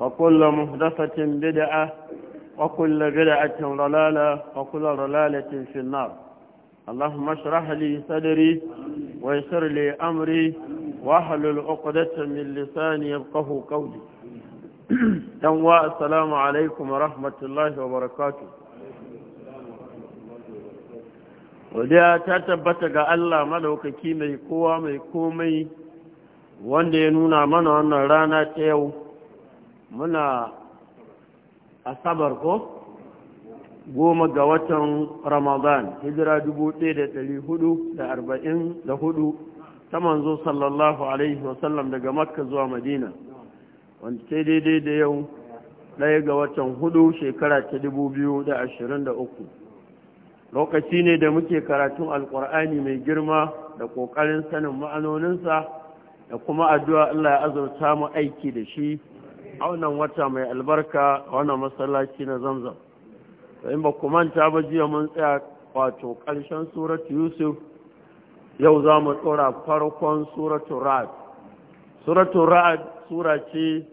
وكل مهدفة بدعة وكل بدعة رلالة وكل رلالة في النار اللهم اشرح لي صدري ويسر لي أمري واحلل العقدة من لساني يبقه قولي تنوى السلام عليكم ورحمة الله وبركاته Wadda ta tabbata ga Allah madaukaki mai kowa mai komai wanda ya nuna mana wannan rana ta yau muna asabar ko goma ga watan ramadan hijira dubu ɗaya da hudu da arba'in da hudu ta manzo sallallahu alaihi wasallam daga makka zuwa madina wanda sai daidai da yau ɗaya ga watan hudu shekara ta dubu biyu da ashirin da uku lokaci ne da muke karatun alkur'ani mai girma da ƙoƙarin sanin ma'anoninsa da kuma addu'a Allah ya azurta mu aiki da shi a wannan wata mai albarka a wannan masallaci na zamzam in ba manta ba jiya mun tsaya wato ƙarshen suratu yusuf yau za mu tsora farkon suratu ra'ad suratu ra'ad sura ce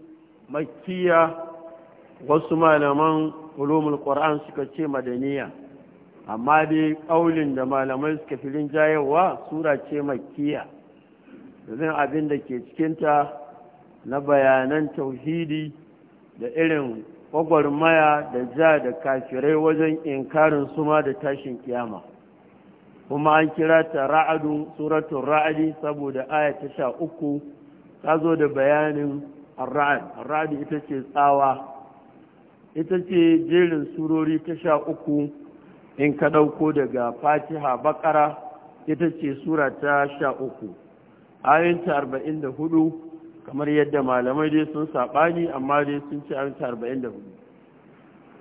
wasu malaman ulumul qur'an suka ce madaniya amma dai ƙaulin da malamai suka filin jayewa sura ce makkiya zan abin da ke cikinta na bayanan tauhidi da irin maya da ja da kafirai wajen inkarin suma da tashin kiyama kuma an kira ta ra'adu suratun ra'adi saboda aya ta sha uku ta zo da bayanin ra'ad ra'ad ita ce tsawa ita ce jerin surori ta sha uku in ka ɗauko daga fatiha bakara ita ce sura ta sha uku ayinta arba'in da hudu kamar yadda malamai dai sun saɓani amma dai sun ce an ci da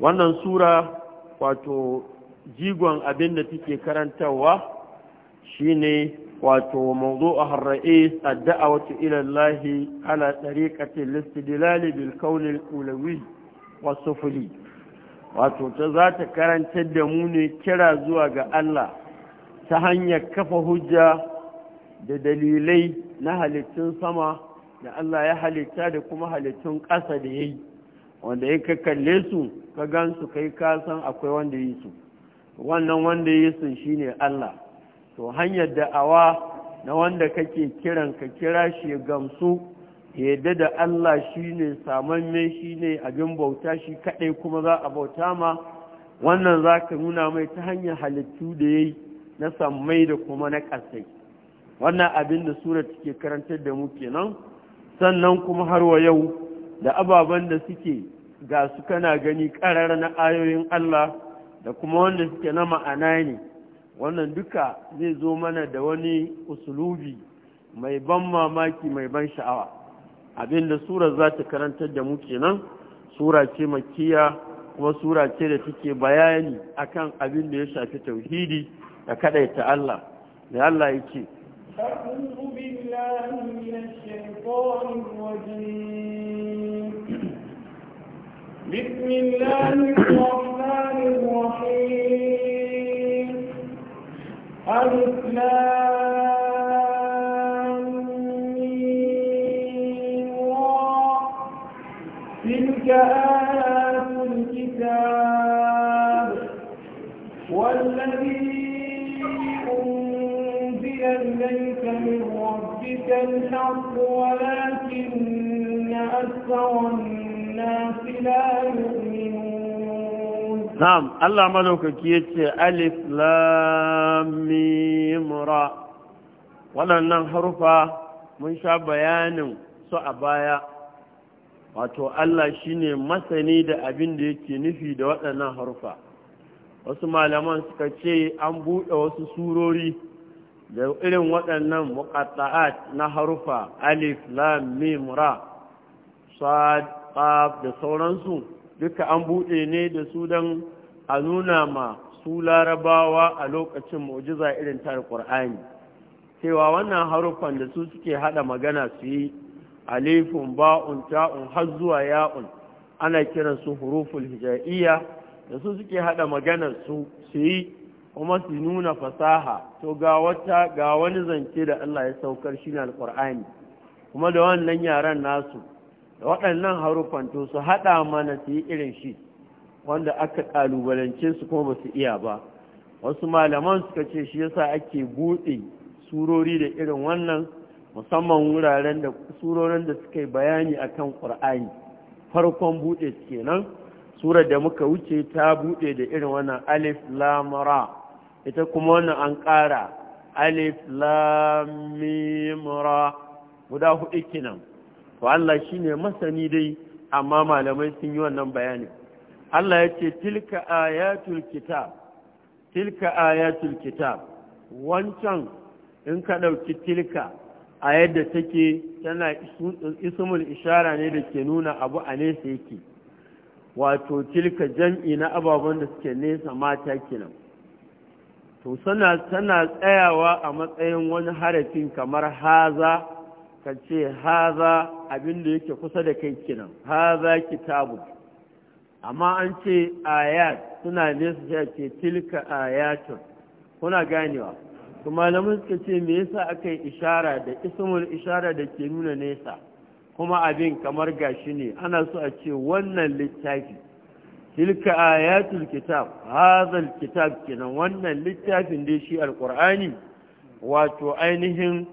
wannan sura wato jigon abin da take karantarwa shine wato mawdu a harra'is adda'awatu ila Allah ala tariqati al-istidlal bil al-ulawi wa wato ta za ta karantar da mu ne kira zuwa ga Allah ta hanyar kafa hujja da dalilai na halittun sama da Allah ya halitta da kuma halittun ƙasa da ya yi wanda ya kalle su ka gan su kai kasan akwai wanda yi su wannan wanda yi su ne Allah to hanyar da'awa na wanda kake kiran ka kira shi gamsu yadda da Allah shi ne me shi ne abin bauta shi kaɗai kuma za a bauta ma wannan za ka nuna mai ta hanyar halittu da ya yi na sammai da kuma na ƙasai wannan abin da sura take karantar da mu kenan sannan kuma har wa yau da ababen da suke ga su kana gani ƙarar na ayoyin Allah da kuma wanda suke na ma'ana ne wannan duka zai zo mana da wani usulubi mai ban mamaki mai ban sha'awa abinda sura za ta karantar da mu kenan sura ce makiya kuma sura ce da take bayani akan abin da ya shafi tauhidi da kadaita Allah da Allah yake أعوذ بالله من الشيطان الرجيم بسم الله الرحمن الرحيم الإسلام تلك آيات الكتاب الحق ولكن أكثر الناس لا يؤمنون نعم الله ملوك كيتي ألف لام ميم را ولنن mun sha bayanin su a baya wato Allah shine masani da abin da yake nufi da waɗannan harufa wasu malaman suka ce an buɗe wasu surori da irin waɗannan muƙatta'at na harufa alif lam mim ra sad qaf da sauransu duka an buɗe ne da su dan a nuna ma su larabawa a lokacin mu'jiza irin ta alqur'ani cewa wannan harufan da su suke hada magana su yi alifun ba'un ta'un har zuwa ya'un ana kiransu huruful hijaiyya da su suke hada magana su su yi kuma su nuna fasaha to ga wata ga wani zance da Allah ya saukar shi na alƙur'ani kuma da wannan yaran nasu da waɗannan harufan to su haɗa mana su yi irin shi wanda aka ƙalubalance su kuma ba su iya ba wasu malaman suka ce shi yasa ake buɗe surori da irin wannan musamman wuraren da surorin da suka yi bayani akan ƙur'ani farkon buɗe kenan surar da muka wuce ta buɗe da irin wannan alif lamara ita kuma wannan an ƙara alif lamimura guda hudu kinan to Allah shine masani dai amma malamai sun yi wannan bayani Allah ya ce tilka ayatul kitab tilka ayatul kitab wancan in ka ɗauki tilka a yadda take tana ismul ishara ne da ke nuna abu a nesa yake wato tilka jam'i na ababen da suke nesa mata kenan to sana tana tsayawa a matsayin wani harafin kamar haza ka ce haza abin da yake kusa da kai kinan haza kitabu amma an ce ayat suna nesa shi ce tilka ayatun kuna ganewa to malamin suka ce me yasa aka yi ishara da ismul ishara da ke nuna nesa kuma abin kamar gashi ne ana so a ce wannan littafi tilka ayatul kitab hazal kitab kenan wannan littafin dai shi alqur'ani wato ainihin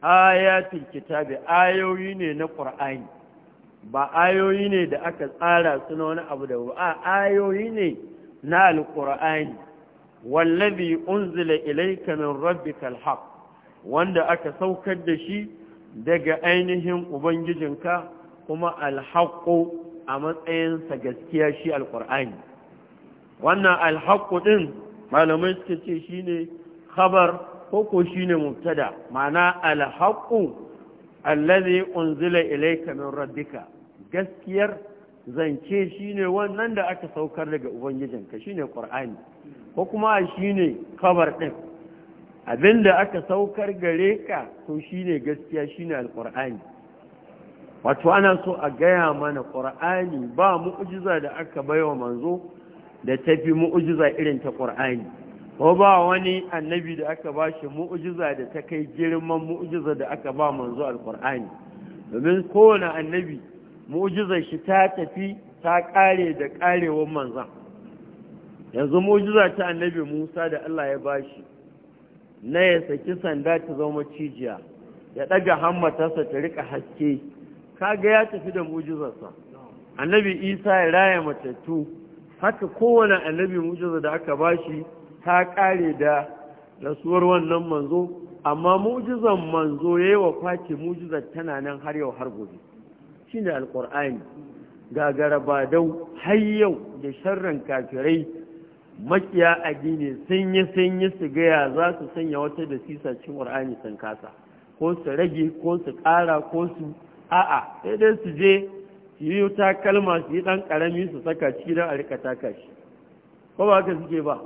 ayatul kitabi ayoyi ne na qur'ani ba ayoyi ne da aka tsara su na wani abu da ba ayoyi ne na alqur'ani wallazi unzila ilayka min rabbikal haqq wanda aka saukar da shi daga ainihin ubangijinka kuma alhaqqu a matsayinsa gaskiya shi alƙur'ani wannan alhaƙu ɗin malamai suka ce shi ne khabar ko ko shi ne mubtada ma'ana alhaƙu allazi unzila ilayka min rabbika gaskiyar zance shi ne wannan da aka saukar daga ubangijinka shi ne ƙur'ani ko kuma shi ne khabar ɗin abinda aka saukar gare ka to shi ne gaskiya shi ne alƙur'ani wato ana so a gaya mana ƙur'ani ba mu'ujiza da aka baiwa manzo da tafi mu'ujiza irin ta ƙur'ani ko ba wani annabi da aka ba shi mu'ujiza da ta kai girman mu'ujiza da aka ba manzo alƙur'ani domin kowane annabi mu'ujizar shi ta tafi ta ƙare da ƙarewar manzan yanzu mu'ujiza ta annabi musa da allah ya ba shi na ya saki sanda ta zama cijiya ya ɗaga hammatarsa ta riƙa haske Ka ga ya tafi da mujizarsa annabi isa ya raya matattu haka kowane annabi mujiza da aka ba shi ta kare da rasuwar wannan manzo amma mujizar manzo ya yi wa kwace mujizar tana nan har yau har gobe shi ne alkur'ani gagara ba dau har yau da sharran kafirai makiya addini sun sanye-sanye su gaya za su sanya wata da sisa cin ƙur'ani sun kasa ko su rage ko su ƙara ko su a'a sai dai su je su yi takalma su yi ɗan ƙarami su saka ciki don a rika taka shi ko ba haka suke ba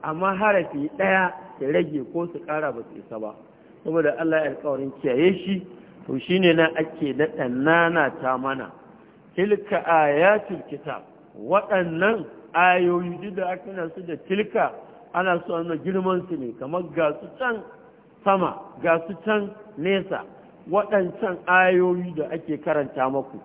amma harafi ɗaya su rage ko su ƙara ba su isa ba saboda Allah ya alƙawarin kiyaye shi to shine na ake daɗa nana ta mana tilka ayatul kitab waɗannan ayoyi duk da aka na su da tilka ana so ana girman su ne kamar ga su can sama ga su can nesa waɗancan ayoyi da ake karanta maku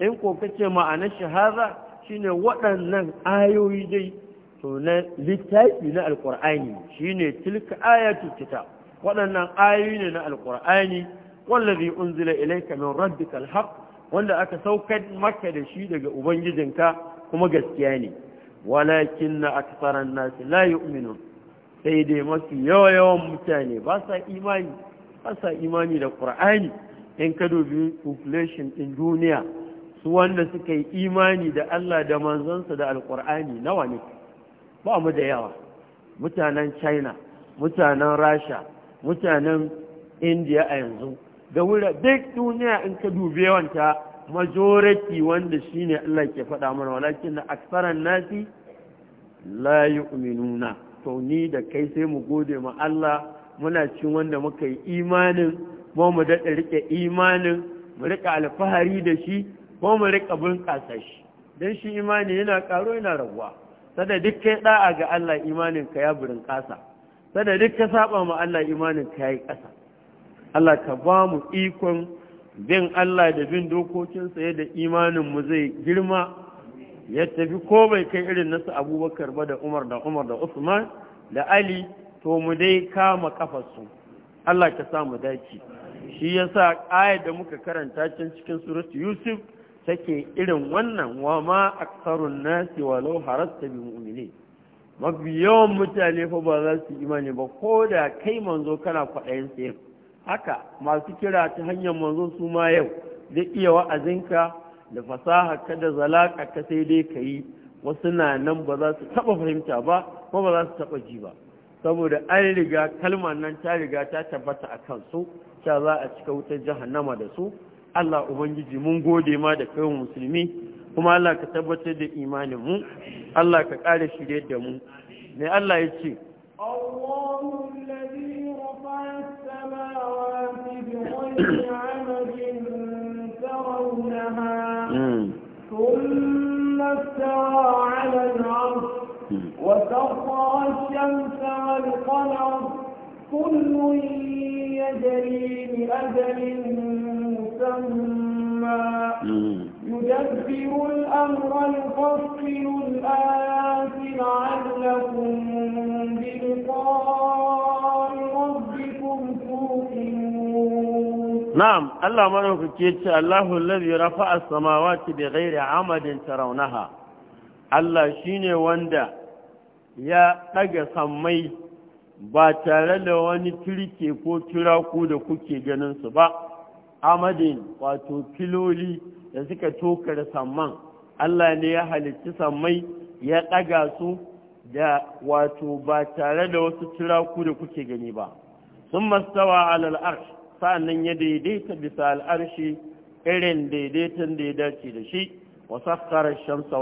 in ko kace ma'anar shahada shine waɗannan ayoyi dai to na littafi na alƙur'ani shine tilka ayatul kitab waɗannan ayoyi ne na alƙur'ani wallazi unzila ilayka min rabbikal alhaq wanda aka saukar maka da shi daga ubangijinka kuma gaskiya ne walakin na nas la yu'minun sai dai mafi yawa yawan mutane ba sa imani ba imani da ƙur'ani in ka dubi population ɗin duniya su wanda suka yi imani da Allah da manzansa da alƙur'ani nawa ne ba mu da yawa mutanen china mutanen rasha mutanen india a yanzu da wura duk duniya in ka dubi yawanta majority wanda shine Allah ke faɗa mana walakin na aksaran nasi la yu'minuna to ni da kai sai mu gode ma Allah muna cin wanda muka yi imanin ba mu daɗa riƙe imanin mu riƙa alfahari da shi ba mu riƙa bunƙasa shi don shi imani yana ƙaro yana raguwa sada duk kai ɗa'a ga Allah imanin ka ya burin ƙasa sada duk ka saba ma Allah imanin ka ya yi ƙasa Allah ka ba mu ikon bin Allah da bin dokokinsa yadda imanin mu zai girma ya tafi ko bai kai irin nasu abubakar ba da umar da umar da usman da ali to mu dai kama kafarsu Allah ka sa mu dace shi yasa ayar da muka karanta can cikin suratu Yusuf take irin wannan wa ma aktharun nasi walau harasta bi mu'minin Mabiyawan yawan mutane fa ba za su imani ba ko da kai manzo kana kwaɗayin sayan haka masu kira ta hanyar manzo su ma yau zai iya wa'azinka da fasaha ka da zalaka ka sai dai ka yi wasu na nan ba za su taɓa fahimta ba ko ba za su taɓa ji ba saboda an riga kalmar nan ta riga ta tabbata a kansu ta za a cika wutar jahannama da su Allah ubangiji mun gode ma da kai musulmi kuma Allah ka tabbatar da imanin mu Allah ka ƙara shirye da mu ne Allah ya ce Allahu alladhi rafa'a as وسخر الشمس والقمر كل يجري لأجل مسمى يدبر الأمر يفصل الآيات لعلكم بلقاء ربكم توقنون نعم الله ملوك كيتش الله الذي رفع السماوات بغير عمد ترونها الله شيني وندا ya ɗaga sammai ba tare da wani turke ko turaku da kuke ganinsu ba amadin wato filoli da suka tokar samman Allah ne ya halitti sammai ya ɗaga su da wato ba tare da wasu turaku da kuke gani ba sun mastawa alal sa’an ya daidaita bisa al'arshi irin daidaitan da ya dace da shi wasu sakkara shamsa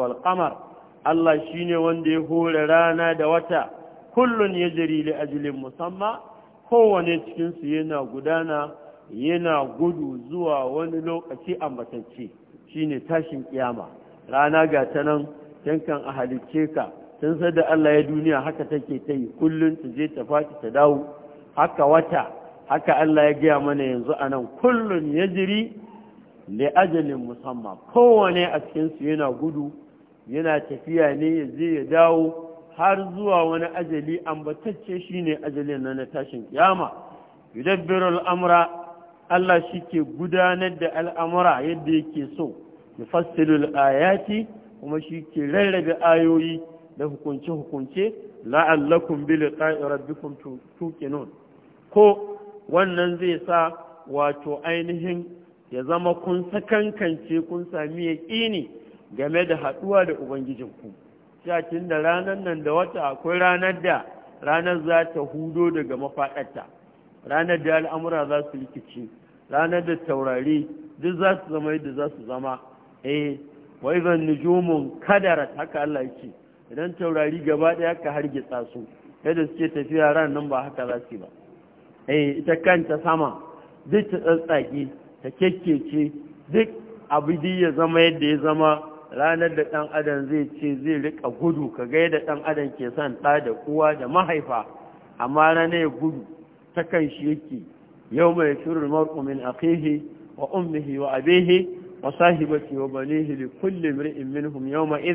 Allah shi ne wanda ya hore rana da wata kullun yajri da ajilin musamma kowane cikinsu yana gudana yana gudu zuwa wani lokaci a ambatacce ne tashin kiyama rana ga ta nan tankan a halicce ka tun da Allah ya duniya haka take ta yi kullun ta je ta faɗi ta dawo haka wata haka Allah ya gaya mana yanzu a nan kullun jiri da ajalin musamman kowane a cikinsu yana gudu yana tafiya ne ya ya dawo har zuwa wani ajali ambatacce shine ajalin na tashin kiyama yudabbirul amra Allah shi ke gudanar da al'amura yadda yake so yufassilul ayati kuma shi ke rarrabe ayoyi da hukunce hukunce la'allakum bi liqa'i rabbikum tuqinun ko wannan zai sa wato ainihin ya zama kun sakankance kun sami yaƙini game da haɗuwa da ubangijinku shakin da ranar nan da wata akwai ranar da ranar za ta hudo daga mafaɗarta ranar da al'amura za su rikici ranar da taurari duk za su zama yadda za su zama eh wai zan nujumun kadarat haka Allah yake idan taurari gaba ɗaya ka harge tsaso, yadda suke tafiya ran nan ba haka za su ba eh ita kanta sama duk ta tsatsage ta kekkece duk abu ya zama yadda ya zama ranar da ɗan adam zai ce zai riƙa gudu ka gai da ɗan adam ke son ɗa da uwa da mahaifa amma ranar ya gudu ta kan shi yake yau mai shirin mar'u min akhihi wa ummihi wa abihi wa sahibati wa banihi da kulli imri'in minhum yawma ya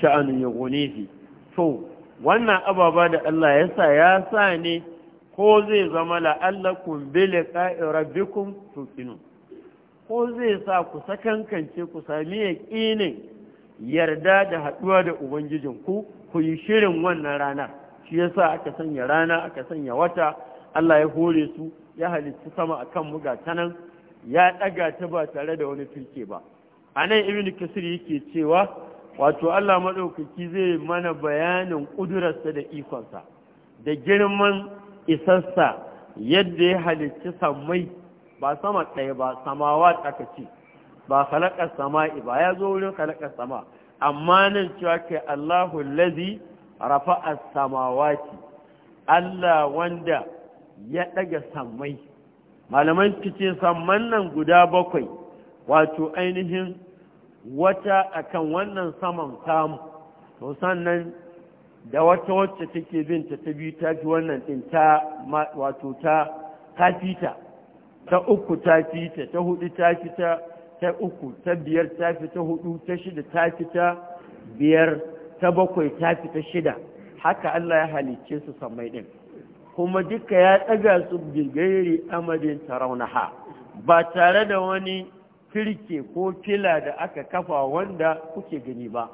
sha'anun shi. to wannan ababa da Allah ya sa ya sa ne ko zai zama la'allakum bi liqa'i rabbikum tuqinun ko zai sa ku sakankance ku sami yaƙinin yarda da haɗuwa da ubangijinku ku yi shirin wannan ranar shi ya sa aka sanya rana aka sanya wata Allah ya hore su ya halitta sama akan muga ta nan ya ɗaga ta ba tare da wani turke ba a nan ibn kasir yake cewa wato Allah maɗaukaki zai mana bayanin ƙudurarsa da ikonsa da girman isarsa yadda ya halicci sammai ba sama ɗaya ba samawa aka ce ba halakar sama'i ba ya zo wurin halakar sama amma nan cewa ke Allahu lazi samawa samawaki Allah wanda ya ɗaga sammai malaman cikin samman nan guda bakwai wato ainihin wata akan wannan saman samu to sannan da wata wacce take binta ta biyu ta fi wannan ɗin ta wato ta kafita ta uku ta fita ta hudu ta fita ta uku ta biyar ta fita hudu ta shida ta fita biyar ta bakwai ta fita shida haka Allah ya halicce su samai din kuma duka ya ɗaga su bigairi amadin taraunaha ba tare da wani firke ko fila da aka kafa wanda kuke gani ba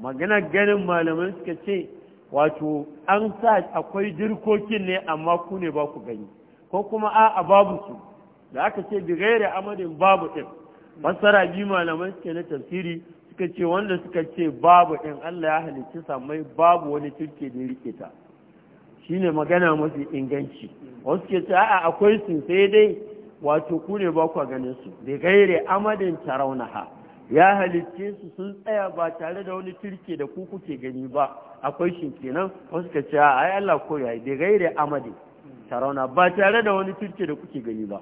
magana ganin malamai suka ce wato an sa akwai dirkokin ne amma ku ne ba ku gani ko kuma a babu su da aka ce bi gairi amadin babu ɗin masara biyu malamai suke na tafsiri suka ce wanda suka ce babu ɗin Allah ya halicci samai babu wani turke da rike ta shine magana mafi inganci wasu ke ce a'a akwai su sai dai wato ku ne ba ku ganin su bi amadin tarawnaha ya halicce su sun tsaya ba tare da wani turke da ku kuke gani ba akwai shi kenan wasu suka ce ai Allah ko yayi amadin tarawna ba tare da wani turke da kuke gani ba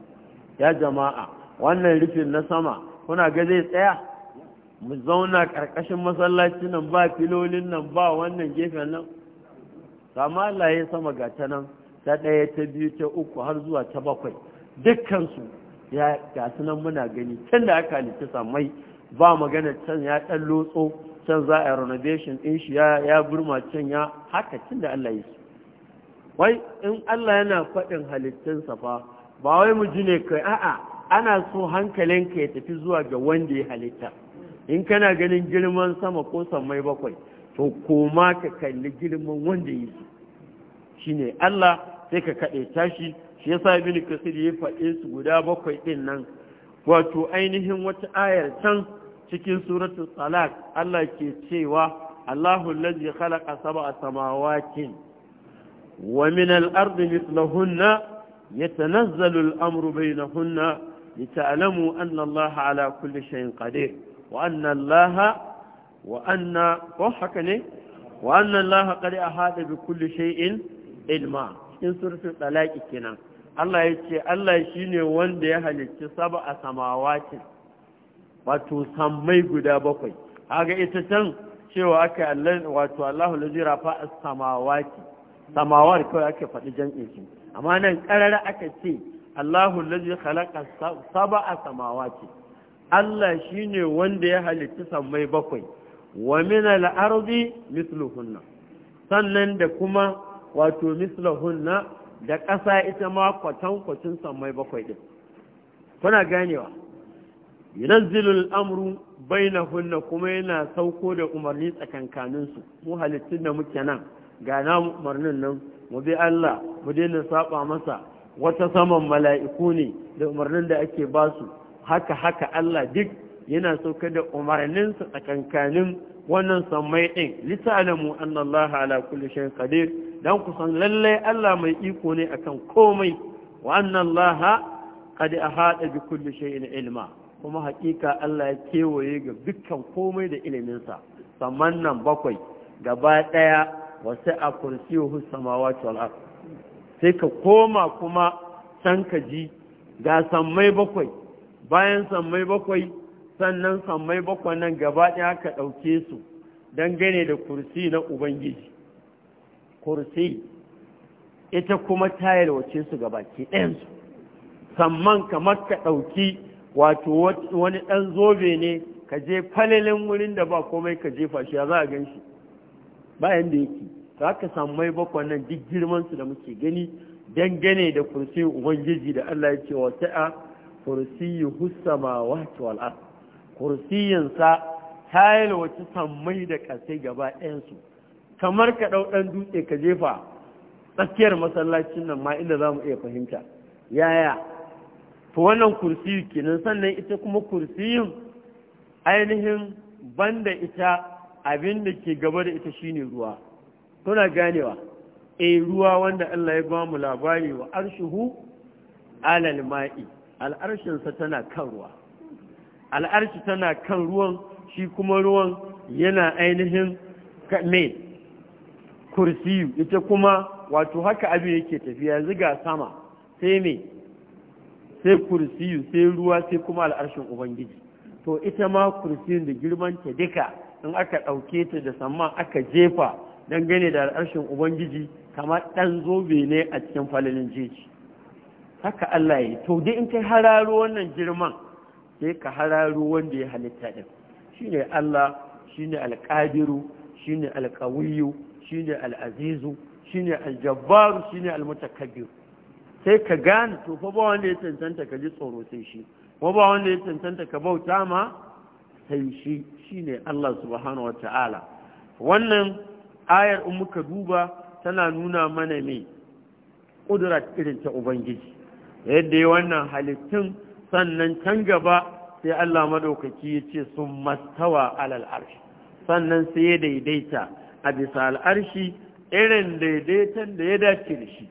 ya jama'a wannan rufin na sama kuna ga zai tsaya mu zauna ƙarƙashin masallaci nan ba filolin nan ba wannan gefen nan kama Allah sama ga ta nan ta ɗaya ta biyu ta uku har zuwa ta bakwai dukkansu ya ga nan muna gani can da aka halitta samai ba magana can ya ɗan lotso can za a renovation ɗin shi ya burma can ya haka tun da Allah ya su wai in Allah yana faɗin halittinsa fa ba wai mu ji ne kai a'a ana so hankalinka ya tafi zuwa ga wanda ya halitta in kana ganin girman sama ko sammai bakwai to koma ka kalli girman wanda ya yi shine Allah sai ka kaɗe tashi shi ya yasa ibn kasir ya faɗe su guda bakwai ɗin nan wato ainihin wata ayar can cikin suratul salak Allah ke cewa Allahu allazi khalaqa sab'a samawati wa min al-ardi mithlahunna يتنزل الأمر بينهن لتعلموا أن الله على كل شيء قدير وأن الله وأن وحكني وأن الله قد أحاط بكل شيء علما إن سورة الطلاق كنا Allah ya ce Allah shi ne wanda ya halicci saba a samawacin wato sammai guda bakwai haga ita can cewa aka wato Allah lazira fa a samawati samawar kawai ake faɗi jan'in amma nan karara aka ce Allahu lazi khalaqa sab'a ce. Allah shine wanda ya halitta sammai bakwai wa min al-ardi mithluhunna sannan da kuma wato mithluhunna da ƙasa ita ma kwatan sammai bakwai ɗin, kuna ganewa bai amru bainahunna kuma yana sauko da umarni tsakankaninsu mu halittun da muke nan ga na umarnin nan mu bi Allah mu daina saba masa wata saman mala'iku ne da umarnin da ake ba su haka haka Allah duk yana kada da umarninsa tsakankanin wannan sammai ɗin lita'alamu annallaha ala kulli shay'in qadir dan kusan lallai Allah mai iko ne akan komai wa annallaha qad ahata bi kulli shay'in ilma kuma haƙiƙa Allah ya kewaye ga dukkan komai da iliminsa saman nan bakwai gaba ɗaya wasu a kursiyuhu samawati wal ard sai ka koma kuma can ka ji ga sammai bakwai bayan sammai bakwai sannan sammai bakwai nan gaba ɗaya ka ɗauke su dangane da kursi na ubangiji kursi ita kuma ta yalwace su gabaki ɗayansu samman kamar ka ɗauki wato wani ɗan zobe ne ka je falalin wurin da ba komai ka jefa shi ya za a gan shi bayan da yake za ka samu mai bakwan nan duk girman su da muke gani dangane da kursiyin ubangiji da Allah ya ce wa ta'a kursiyin husama wa wal ard kursiyin sa tayil wata sammai da kasai gaba ɗayan su kamar ka dau dan dutse ka jefa tsakiyar masallacin nan ma inda za mu iya fahimta yaya to wannan kursiyi kenan sannan ita kuma kursiyin ainihin banda ita abin da ke gaba da ita shine ruwa kuna ganewa e ruwa wanda Allah ya ba mu labari wa arshuhu alal ma'i al'arshinsa tana kan ruwa al'arshi tana kan ruwan shi kuma ruwan yana ainihin mai kursi ita kuma wato haka abin yake tafiya ziga sama sai mai sai kursiyu sai ruwa sai kuma al'arshin ubangiji to ita ma kursiyun da girman ta duka in aka ɗauke ta da samman aka jefa dangane da harshen ubangiji kamar ɗan zobe ne a cikin falalin jeji haka Allah ya yi to dai in kai hararo wannan girman sai ka hararo wanda ya halitta ɗin ne Allah shi ne alƙadiru ne alƙawiyu shine al'azizu ne aljabbaru shine almutakabbir sai ka gane to fa ba wanda ya cancanta, ka ji tsoro sai shi ba wanda ya cancanta, ka bauta ma kai shi shine Allah subhanahu wata'ala wannan ayar in muka duba tana nuna mana me kudura irin ta ubangiji yadda yi wannan halittun sannan can gaba sai Allah madaukaki ya ce sun mastawa alal arshi sannan sai ya daidaita a bisa al'arshi irin daidaitan da ya dace da shi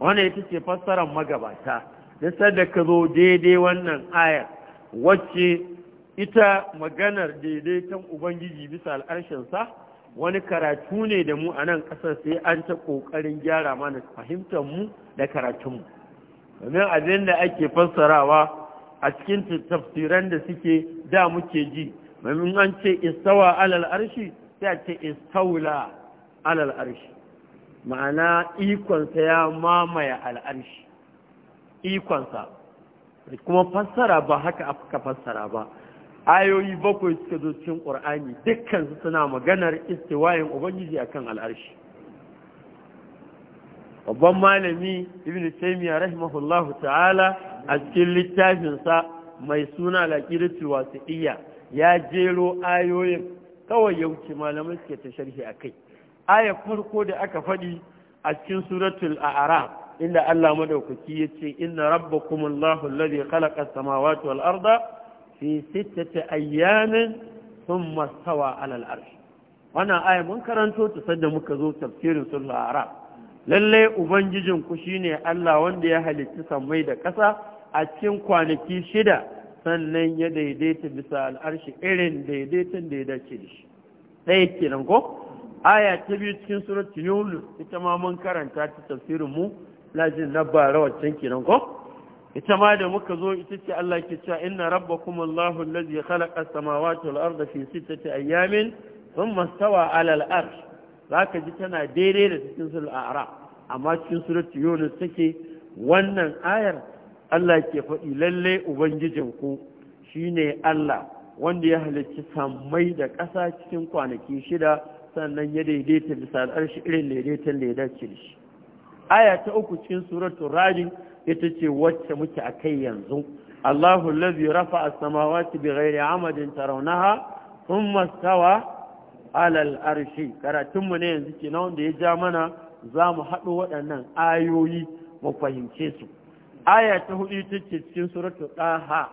wannan ita ce fassarar magabata da ka zo daidai wannan ayar wacce ita maganar daidaiton ubangiji bisa al'arshinsa wani karatu ne da mu a nan ƙasar sai an ta ƙoƙarin gyara mana fahimtar mu da karatunmu domin abin da ake fassarawa a cikin tafsiran da suke da muke ji domin an ce istawa alal arshi sai a ce istaula alal arshi ma'ana ikonsa ya mamaye al'arshi ikonsa kuma fassara ba haka aka fassara ba ayoyi bakwai suka zo cikin ƙur'ani dukkan suna maganar istiwayin ubangiji akan al'arshi babban malami ibn taymiya rahimahullahu ta'ala a cikin littafinsa mai suna wasu iya, ya jero ayoyin kawai ya wuce malamai suke ta sharhi akai aya farko da aka faɗi a cikin suratul A'ara, inda Allah madaukaki yace inna rabbakumullahu alladhi khalaqa as-samawati wal arda fi ta ayyamin thumma mastawa ala al wannan aya mun karanto ta sanda muka zo tafsirin suratul Lallai lalle ubangijin ku shine Allah wanda ya halitta sammai da ƙasa a cikin kwanaki shida sannan ya daidaita bisa al'arshi irin daidaitan da ya dace da shi ɗaya kenan ko aya ta biyu cikin suratul yunus ita ma mun karanta ta tafsirin mu lajin na bara waccan kenan ita ma da muka zo ita ce Allah ke cewa inna rabbakum Allahu allazi khalaqa as-samawati wal arda fi sittati ayamin thumma stawa 'ala al-arsh zaka ji tana daidai da cikin sura al ara amma cikin suratu yunus take wannan ayar Allah ke faɗi lalle ubangijin ku shine Allah wanda ya halicci sammai da ƙasa cikin kwanaki shida sannan ya daidaita bisa al-arshi irin daidaitan da ya dace da shi aya ta uku cikin suratul rajin ita ce wacce muke a kai yanzu Allahu allazi rafa'a as-samawati bighairi amadin tarawnaha thumma stawa ala arshi karatunmu ne yanzu na wanda ya ja mana za mu haɗo waɗannan ayoyi mu fahimce su aya ta hudu ita ce cikin suratul ɗaha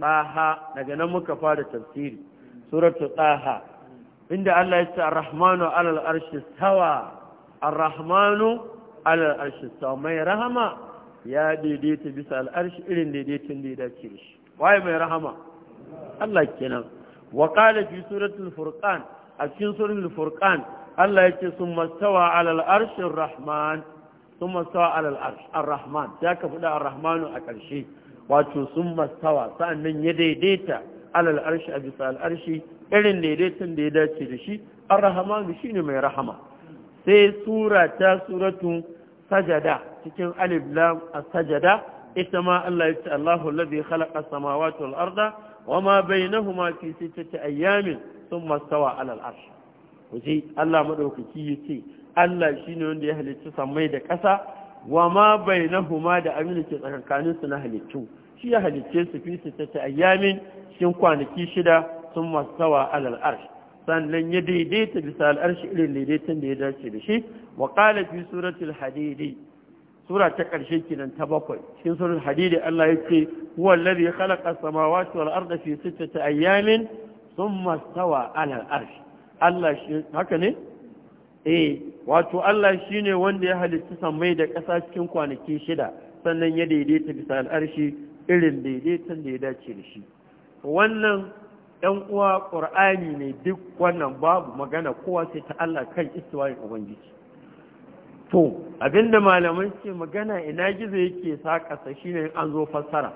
ɗaha daga nan muka fara tafsiri suratu ɗaha inda Allah ya ce ar alal arshi sa'wa ar alal arshi sa'wa mai rahama ya daidaita bisa al'arshi irin daidaitin da ya dace da shi waye mai rahama Allah kenan wa qala fi suratul furqan a cikin suratul furqan Allah yake sun mastawa ala al'arshir rahman sun mastawa ala al'arsh rahman ya ka fada ar-rahmanu a ƙarshe wato summa stawa sa'annan ya daidaita ala al'arshi a bisa al'arshi irin daidaitin da ya dace da shi ar-rahmanu shine mai rahama sai sura ta suratu sajada cikin alif lam as-sajada ita ma Allah ya ce Allahu alladhi khalaqa as-samawati wal arda wama bainahuma fi sittati ayyamin thumma stawa 'ala al-arsh kuji Allah madaukaki yace Allah shine wanda ya halicci sammai da ƙasa wama bainahuma da abin da ke tsakankanin su na halittu shi ya halicce su fi sittati ayyamin cikin kwanaki shida thumma stawa 'ala al-arsh sannan ya daidaita bisa al'arshi irin daidaitan da ya dace da shi wa qala fi suratul hadidi sura ta karshe kenan ta bakwai cikin suratul hadidi Allah yace huwa alladhi khalaqa samawati wal arda fi sittati ayamin thumma stawa ala al'arshi Allah shi haka ne eh wato Allah shine wanda ya halitta samai da ƙasa cikin kwanaki shida sannan ya daidaita bisa al'arshi irin daidaitan da ya dace da shi wannan ‘yan uwa ƙur'ani ne duk wannan babu magana kowa sai ta Allah kan istiwayin Ubangiji. To, abinda malamai ce magana ina gizo yake ƙasa shi ne an zo fassara.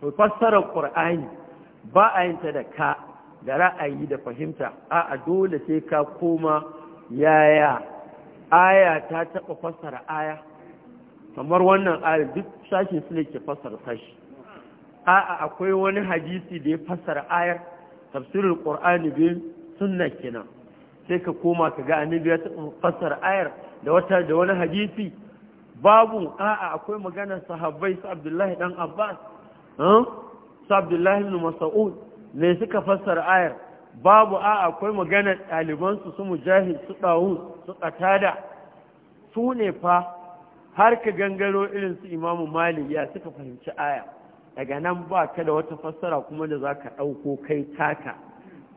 To, fassarar ƙur'ani ba a yin ta da ka da ra'ayi da fahimta, a a dole sai ka koma yaya aya ta taɓa fassara aya. Kamar wannan aya duk sashin su ne ke fassara sashi. A'a akwai wani hadisi da ya fassara ayar tafsirul qur'ani biyu sunna kenan sai ka koma ka ga annabi ya fassara ayar da wata da wani hadisi babu a'a akwai maganar sahabbai su Abdullahi dan Abbas eh? su Abdullahi ibn Mas'ud ne suka fassara ayar babu a'a akwai maganar ɗalibansu su mujahid su ɗawun su ƙatada su ne fa har ka gangaro irin su imamu maliya suka fahimci aya daga nan ba ka da wata fassara kuma da za ka ɗauko kai taka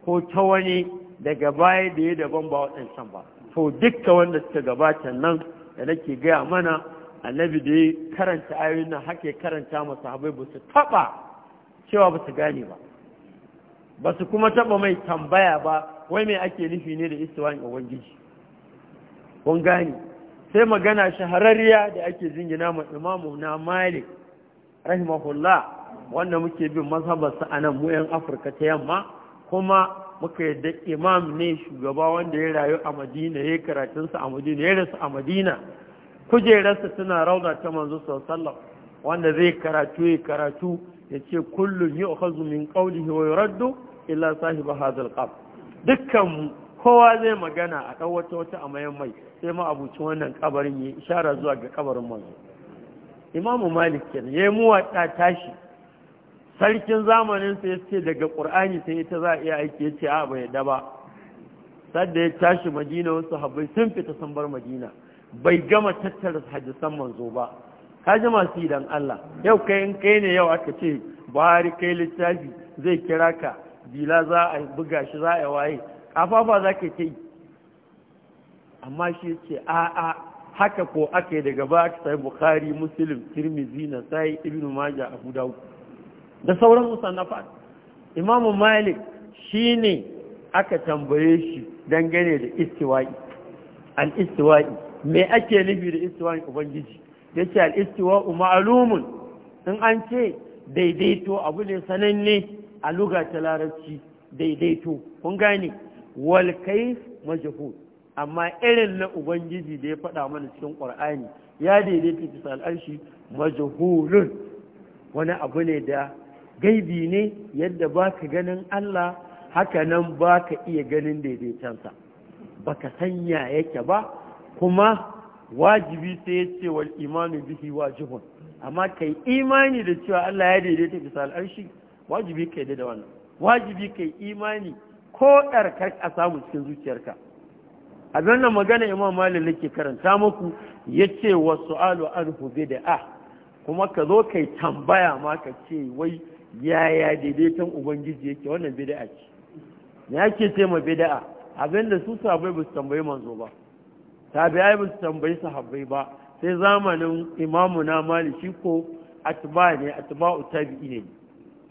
ko ta wani daga baya da ya daban ba waɗancan ba to dukka wanda suka gabata nan da nake gaya mana annabi da ya karanta ayoyin nan haka ya karanta masa habai ba su taɓa cewa ba su gane ba ba su kuma taɓa mai tambaya ba wai mai ake nufi ne da istiwa'in ubangiji kun gane sai magana shahararriya da ake jingina ma imamu na malik rahimahullah wanda muke bin mazhabarsa a nan mu 'yan afirka ta yamma kuma muka yadda imam ne shugaba wanda ya rayu a madina ya karatunsa a madina ya rasu a madina kujerarsa suna rauna ta manzo sallallahu wanda zai karatu ya karatu ya ce kullum yi ukhazu min qawlihi wa yuraddu illa sahiba hadhal qab dukkan kowa zai magana a ɗan wata wata a mayan mai sai ma abuci wannan kabarin ya ishara zuwa ga kabarin manzo imamu malik kenan ya yi muwaɗa tashi sarkin zamanin sai ya ce daga ƙur'ani sai ita za a iya aiki ya ce a bai yadda ba sadda ya tashi madina wasu habai sun fita sun bar madina bai gama tattara hadisan manzo ba ka ji masu idan Allah yau kai in kai ne yau aka ce buhari kai littafi zai kira ka bila za a buga shi za a waye kafafa za ka yi amma shi ce a'a haka ko aka yi daga ba ta bukari musulun tirmizi na sai ibn maja abu dawud da sauran musa na fa’ad imamu malik shi ne aka tambaye shi dangane da istiwa'i al'istiwai mai me ake nufi da istiwa’i ubangiji yace al'istiwai istiwa'u ma'lumun in an ce daidaito abu ne sananne a luga ta larabci daidaito kun gane walkai majahud amma irin na ubangiji da ya faɗa mana cikin ƙwar'ani ya daidaita bisa al'arshi majahulun wani abu ne da gaibi ne yadda ba ka ganin Allah haka nan ba ka iya ganin daidaitansa ba ka sanya yake ba kuma wajibi sai ya ce wal imanu bihi wajibun amma kai imani da cewa Allah ya daidaita bisa al'arshi wajibi ka yi da wannan wajibi kai imani ko ɗarkar a samu cikin zuciyarka a wannan magana imam malik yake karanta muku yace wa su'alu da bid'a kuma ka zo kai tambaya ma ka ce wai yaya daidaiton ubangiji yake wannan bid'a ce me yake ce ma bid'a abinda su sabai ba su tambayi manzo ba tabi'ai ba su tambayi sahabbai ba sai zamanin imamu na shi ko atba ne atba tabi'i ne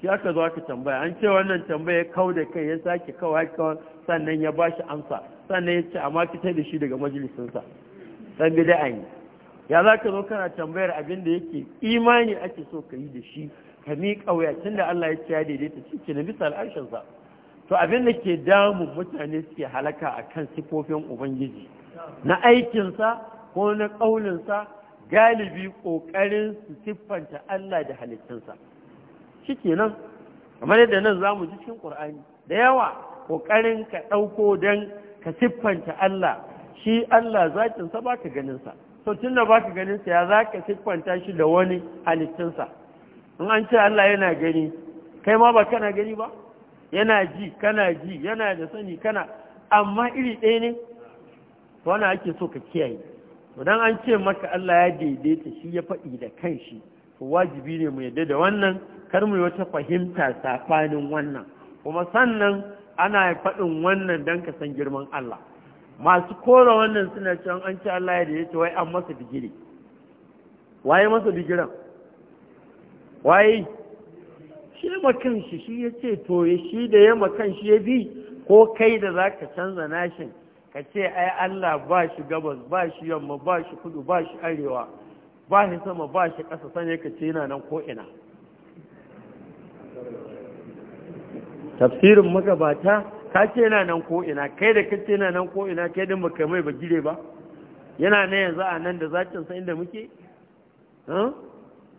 shi aka zo aka tambaya an ce wannan tambaya kau da kai ya sake kawai sannan ya bashi amsa sannan ya ce amma fitar da shi daga majalisinsa ɗan bida'a ne ya za ka zo kana tambayar abin da yake imani ake so ka yi da shi ka miƙa wuya tun da Allah ya ce ya daidaita ciki na bisa al'arshinsa to abin da ke damun mutane suke halaka a kan sifofin ubangiji na aikinsa ko na ƙauninsa galibi ƙoƙarin su siffanta Allah da halittunsa shi kenan kamar yadda nan za mu ji cikin ƙur'ani da yawa ƙoƙarin ka ɗauko don ka siffanta Allah shi Allah zakinsa ba ka ganinsa so tun da ba ka ganinsa ya za ka siffanta shi da wani halittinsa in an ce Allah yana gani kai ma ba kana gani ba yana ji kana ji yana da sani kana amma iri ɗaya ne wani ake so ka kiyaye idan an ce maka Allah ya daidaita shi ya faɗi da kanshi to wajibi ne mu yadda da wannan kar mu yi wata fahimta safanin wannan kuma sannan ana faɗin wannan don ka san girman Allah masu kora wannan suna cewa an ci Allah da ya ce wai an masa digiri waye masa digiran waye shi ma shi shi ya ce to shi da ya ma shi ya bi ko kai da za ka canza nashin ka ce ai Allah ba shi gabas ba shi yamma ba shi kudu ba shi arewa ba shi sama ba shi ƙasa sanya ka ce yana nan ko'ina tafsirin magabata ka ce yana nan ko'ina. kai da ce yana nan ko ina kai din baka mai gire ba yana nan yanzu a nan da zakin sa inda muke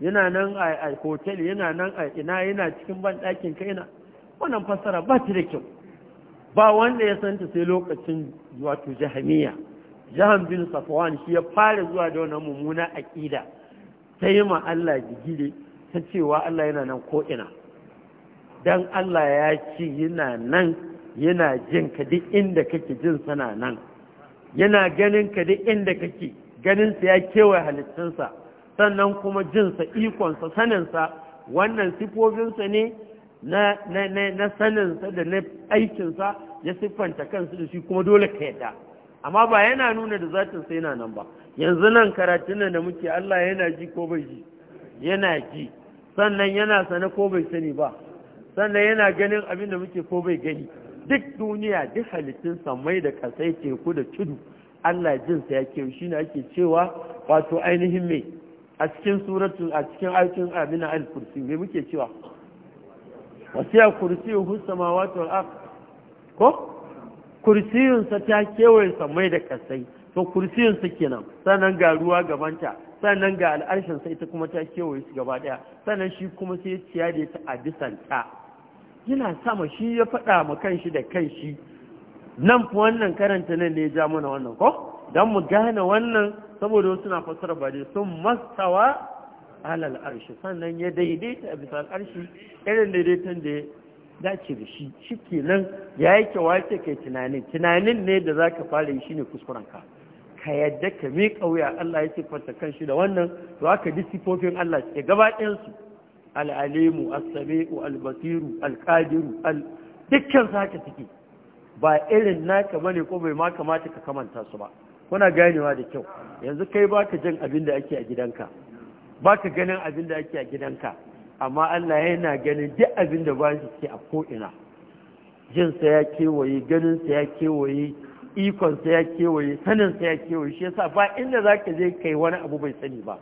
yana nan a hotel yana nan a ina yana cikin ban ɗakin ka ina wannan fassara ba ta da kyau ba wanda ya santa sai lokacin wato jahamiya jahan bin safwan shi ya fara zuwa da wannan mummuna aƙida ta yi ma Allah jigire ta cewa Allah yana nan ko'ina. dan Allah ya ci yana nan yana jin ka duk inda kake jin sana nan yana ganin ka duk inda kake ganinsa ya kewaye halittunsa sannan kuma jinsa ikonsa saninsa wannan sifofinsa ne na, saninsa da na aikinsa ya siffanta kansu da shi kuma dole ka yadda amma ba yana nuna da zatinsa yana nan ba yanzu nan karatun da muke Allah yana ji ko bai ji yana ji sannan yana sane ko bai sani ba sannan yana ganin abin da muke ko bai gani duk duniya duk halittun samai da kasai teku da tudu Allah jinsa ya ke shi ne ake cewa wato ainihin mai a cikin suratun a cikin aikin abin al-kursi mai muke cewa wasiya kursi hu samawati wal ard ko kursiyun sa ta kewaye samai da kasai to kursiyun sa kenan sannan ga ruwa gabanta sannan ga al'arshin ita kuma ta kewaye su gaba daya sannan shi kuma sai ya ciya da ta a bisanta yana sama shi ya faɗa ma kanshi da kanshi nan fi wannan karanta nan da ya ja mana wannan ko don mu gane wannan saboda wasu na fasara ba dai sun mastawa alal arshi sannan ya daidaita bisa arshi irin daidaitan da ya dace da shi shi kenan ya yi ce kai tunanin tunanin ne da za ka fara yi shine kuskurenka ka yadda ka miƙa wuya Allah ya siffanta kan shi da wannan to aka duk sifofin Allah ke gaba ɗayansu al'alimu al-sabi'u al-basiru al-qadiru dukkan sake suke ba irin naka ne ko bai ma kamata ka kamanta su ba kuna ganewa da kyau yanzu kai baka jin abin da ake a gidanka baka ganin abin da ake a gidanka amma Allah yana ganin duk abin da ba shi ke a ko'ina jinsa ya kewaye ganinsa ya kewaye ikonsa ya kewaye saninsa ya kewaye shi yasa ba inda za ka je kai wani abu bai sani ba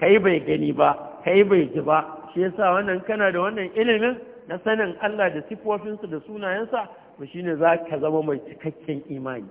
kai bai gani ba kai bai ji ba shi yasa wannan kana da wannan ilimin na sanin Allah da sifofinsa da sunayensa ba ne za ka zama mai cikakken imani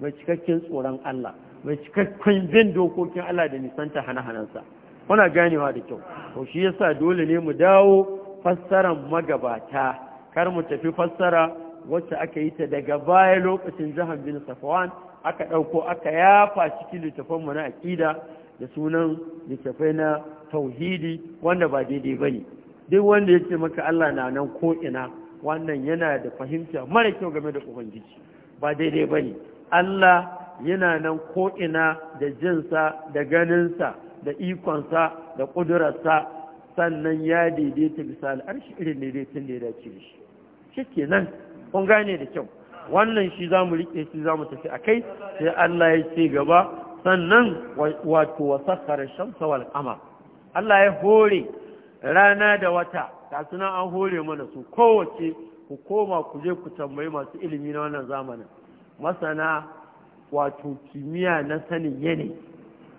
mai cikakken tsoron Allah mai cikakken bin dokokin Allah da nisanta hana-hanansa kuna ganewa da kyau to shi yasa dole ne mu dawo fassarar magabata kar mu tafi fassara wacce aka yi ta daga baya lokacin jihar bin safawan aka ɗauko aka yafa cikin littafanmu na aƙida da sunan littafai na tauhidi wanda ba daidai ba ne duk wanda ya ce maka Allah na nan ko'ina wannan yana da fahimta mara kyau game da ubangiji ba daidai ba ne Allah yana nan ko'ina da jinsa da ganinsa da ikonsa da ƙudurarsa sannan ya daidaita bisa al'arshi irin tun da ya dace da shi shi ke nan kun gane da kyau wannan shi za mu riƙe shi za mu tafi a kai sai Allah ya ce gaba sannan wato wasakkar shamsa wal qamar Allah ya hore rana da wata ga an hore mana su kowace ku koma ku je ku tambayi masu ilimi na wannan zamanin masana wato kimiyya na sanin yanayi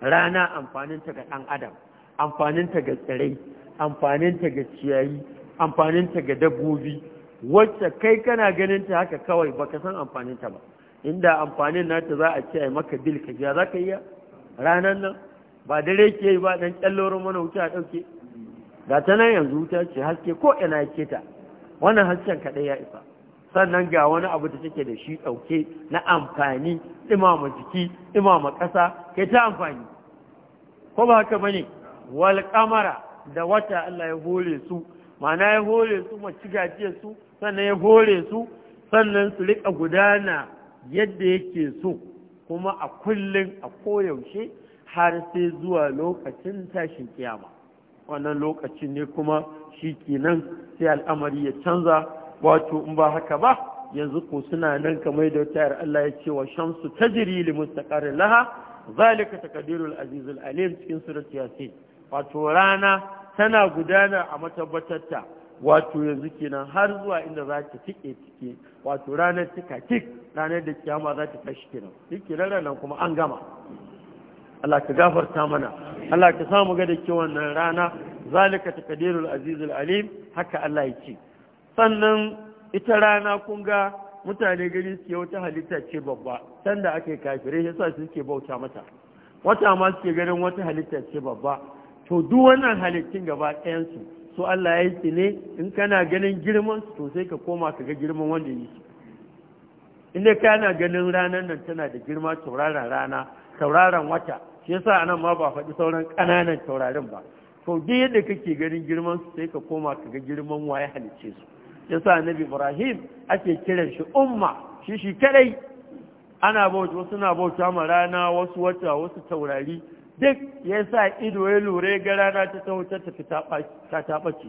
rana amfaninta ga ɗan adam amfaninta ga tsirai amfaninta ga ciyayi amfaninta ga dabbobi wacce kai kana ganin ta haka kawai baka san amfaninta ba inda amfanin nata za a ce ai maka bil ka za ka iya ranar nan ba dare ke yi ba ɗan ƙyallorin mana wuta a ɗauke ga ta nan yanzu wuta ce haske ko ina ke ta wannan hasken kaɗai ya isa sannan ga wani abu da take da shi ɗauke na amfani ɗimama jiki ɗimama ƙasa kai ta amfani ko ba haka bane wal kamara da wata Allah ya hore su ma'ana ya hore su mace gajiyar su sannan ya hore su sannan su riƙa gudana yadda yake so kuma a kullum a koyaushe har sai zuwa lokacin tashin kiyama wannan lokacin ne kuma shi kenan sai al'amari ya canza wato in ba haka ba yanzu ko suna nan kamar da tayar Allah ya ce wa shamsu tajri li mustaqarrin laha zalika taqdirul azizul alim cikin surat yasin wato rana tana gudana a matabbatarta wato yanzu kenan har zuwa inda za ta tike tike wato ranar tika tik ranar da kiyama za ta tashi kenan duk kenan ranar kuma an gama Allah ka gafarta mana Allah ka samu ga da ke wannan rana zalika taqdirul azizul alim haka Allah yake sannan ita rana kun ga mutane gari suke wata halitta ce babba sanda ake kafirai yasa suke bauta mata wata ma suke ganin wata halitta ce babba to duk wannan halittun gaba ɗayansu su Allah ya yi ne in kana ganin girman su to sai ka koma ka ga girman wanda yi su inda kana ganin ranar nan tana da girma taurara rana tauraron wata shi yasa anan ma ba faɗi sauran ƙananan taurarin ba to duk yadda kake ganin girman su sai ka koma ka ga girman waye halice su yasa annabi Ibrahim ake kiran shi umma shi shi kadai ana bauta wasu na bauta ma rana wasu wata wasu taurari duk yasa ido ya lura ga rana ta taho ta ta ta ce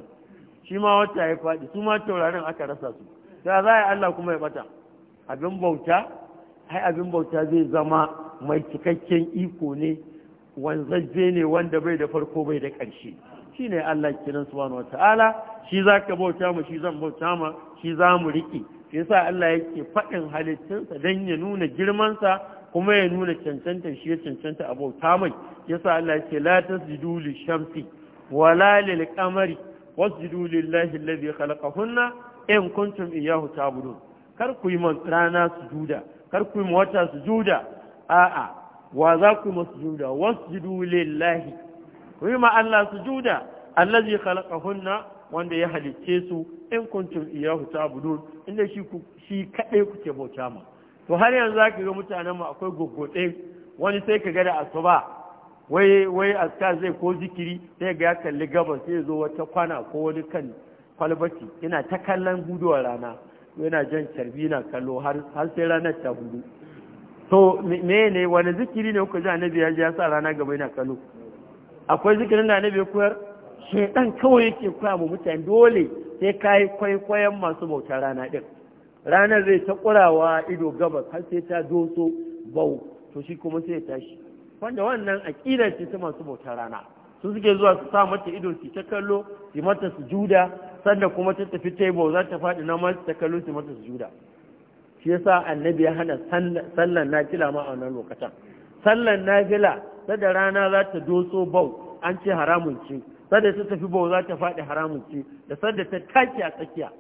shi ma wata ya faɗi su ma taurarin aka rasa su da za a Allah kuma ya bata abin bauta Hai abin bauta zai zama mai cikakken iko ne wanzajje ne wanda bai da farko bai da ƙarshe shi ne Allah kiran subhanahu wata'ala shi za ka bauta mu shi zan bauta ma shi za mu riƙe shi yasa Allah yake faɗin halittunsa don ya nuna girmansa kuma ya nuna cancanta shi ya cancanta a bauta mai yasa Allah yake la tasjudu li shamsi wala lil qamari wasjudu lillahi alladhi khalaqahunna in kuntum iyyahu ta'budun kar ku yi rana sujuda kar ku mu wata sujuda a'a wa za ku mu sujuda wasjudu lillahi ku yi ma Allah sujuda allazi khalaqahunna wanda ya halicce su in kuntum iyahu ta'budun inda shi ku shi kadai kuke bauta ma to har yanzu zaka ga mutanen mu akwai goggode wani sai ka ga da asuba wai wai aska zai ko zikiri sai ga ya kalli gabas sai zo wata kwana ko wani kan kwalbati ina ta kallon guduwar rana yana jan carbi na kallo har sai ranar ta hudu to mene wani zikiri ne kuka ji annabi ya ji ya sa rana gaba yana kallo akwai zikirin da annabi ya koyar shedan kawai yake koya mu mutane dole sai yi kwaikwayon masu bauta rana din ranar zai ta kurawa ido gabas har sai ta doso bau to shi kuma sai ya tashi wanda wannan aƙidar ce ta masu bauta rana su suke zuwa su sa mata ido su ta kallo su mata su juda, sannan kuma ta tafi table za ta faɗi na ta kallo su mata su juda. shi yasa annabi ya hana sallan nafila ma a wannan lokacin sallan nafila sada rana za ta doso bau an ce haramun ce sada ta tafi bau za ta faɗi haramun ce da sada ta take a tsakiya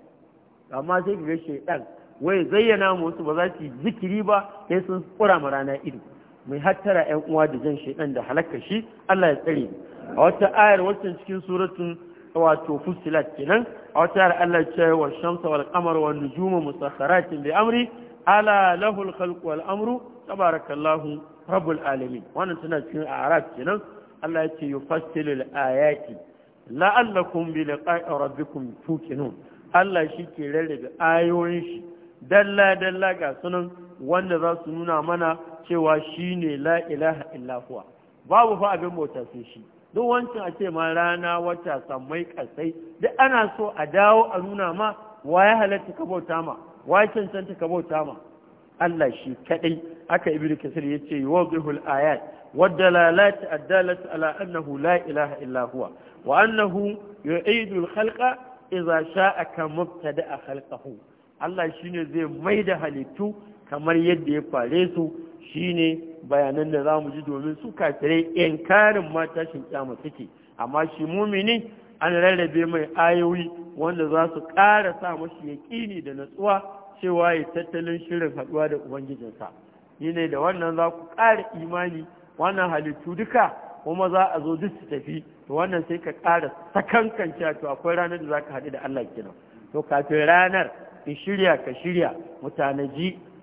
amma sai ga shaidan wai zayyana wasu ba za su yi zikiri ba sai sun tsura ma rana ido mai hattara yan uwa da jan shaidan da halakka shi Allah ya tsare a wata ayar waccan cikin suratun wato fusilat kenan a wata ayar Allah ce wa shamsa wal qamar wan nujuma musakharatin bi amri ala lahu al khalq wal amru tabarakallahu rabbul alamin wannan tana cikin a'raf kenan Allah ya ce yufassilu al ayati la'allakum bi liqa'i rabbikum tuqinun Allah shi ke rarrabe ayoyin shi dalla dalla ga sunan wanda za su nuna mana cewa shine la ilaha illa huwa babu fa abin bauta sai shi duk wancan a ce ma rana wata sammai kasai duk ana so a dawo a nuna ma waye halatta ka bauta ma waye cancanta ka bauta ma Allah shi kadai aka ibnu kasir yace yuwadhihul ayat lalata adalat ala annahu la ilaha illa huwa wa annahu yu'idul khalqa idza sha'a ka mubtada khalqahu Allah shine zai mai da halittu kamar yadda ya fare su shine bayanan da zamu ji domin su kafirai karin ma tashin kyamu suke amma shi mumini an rarrabe mai ayoyi wanda za su ƙara sa mashi yaƙini da natsuwa cewa ya tattalin shirin haɗuwa da ubangijinsa ni ne da wannan za ku ƙara imani wannan halittu duka kuma za a zo duk su tafi to wannan sai ka ƙara sakankanci to akwai ranar da za ka haɗu da Allah kenan to kafin ranar in shirya ka shirya mutanaji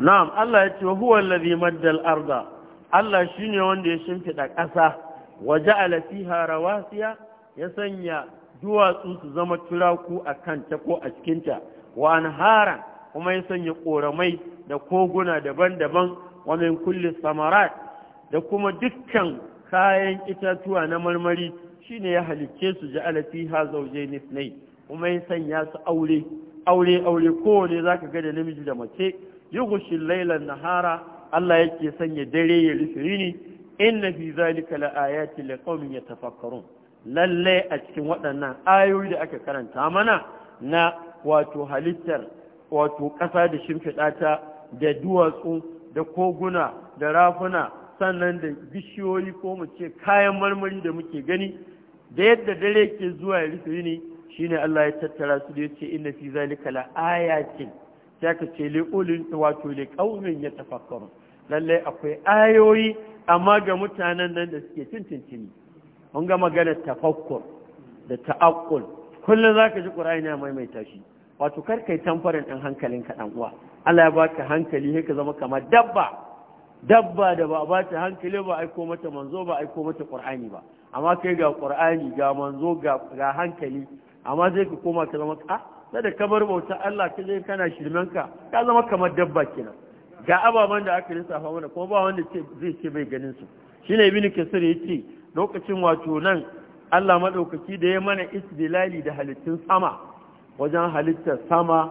na'am Allah ya ce wa huwa allazi madda al-arda Allah shine wanda ya shimfida ƙasa wa ja'ala fiha rawasiya ya sanya duwatsu su zama turaku a kanta ko a cikinta wa anharan kuma ya sanya koramai da koguna daban-daban wa min kulli samarat da kuma dukkan kayan itatuwa na marmari shine ya halicce su ja'ala fiha zawjayn ithnayn kuma ya sanya su aure aure aure kowane zaka ga da namiji da mace yughshil laylan nahara Allah yake sanya dare ya rufe yini inna fi zalika laayati qaumin yatafakkarun lalle a cikin waɗannan ayoyi da aka karanta mana na wato halittar wato ƙasa da shimfiɗa ta da duwatsu da koguna da rafuna sannan da bishiyoyi ko mu ce kayan marmari da muke gani da yadda dare ke zuwa ya rufe yini ne Allah ya tattara su da ce inna fi zalika la ayatin sai ka ce li ulil wato li ya yatafakkarun lalle akwai ayoyi amma ga mutanen nan da suke tintintini mun ga magana tafakkur da ta'aqqul kullum zaka ji qur'ani na maimaita shi wato kar kai tamfarin ɗin hankalin ka dan uwa Allah ya baka hankali sai ka zama kamar dabba dabba da ba ba ta hankali ba aiko mata manzo ba aiko mata qur'ani ba amma kai ga qur'ani ga manzo ga hankali amma zai ka koma ka zama a ah, na da kabar bauta Allah ka je kana shirmenka ka zama kamar dabba kenan ga ababen da aka lissafa mana kuma ba wanda zai ce bai ganin su shine ibn kasir yace lokacin wato nan Allah madaukaki da ya mana istilali da halittun sama wajen halittar sama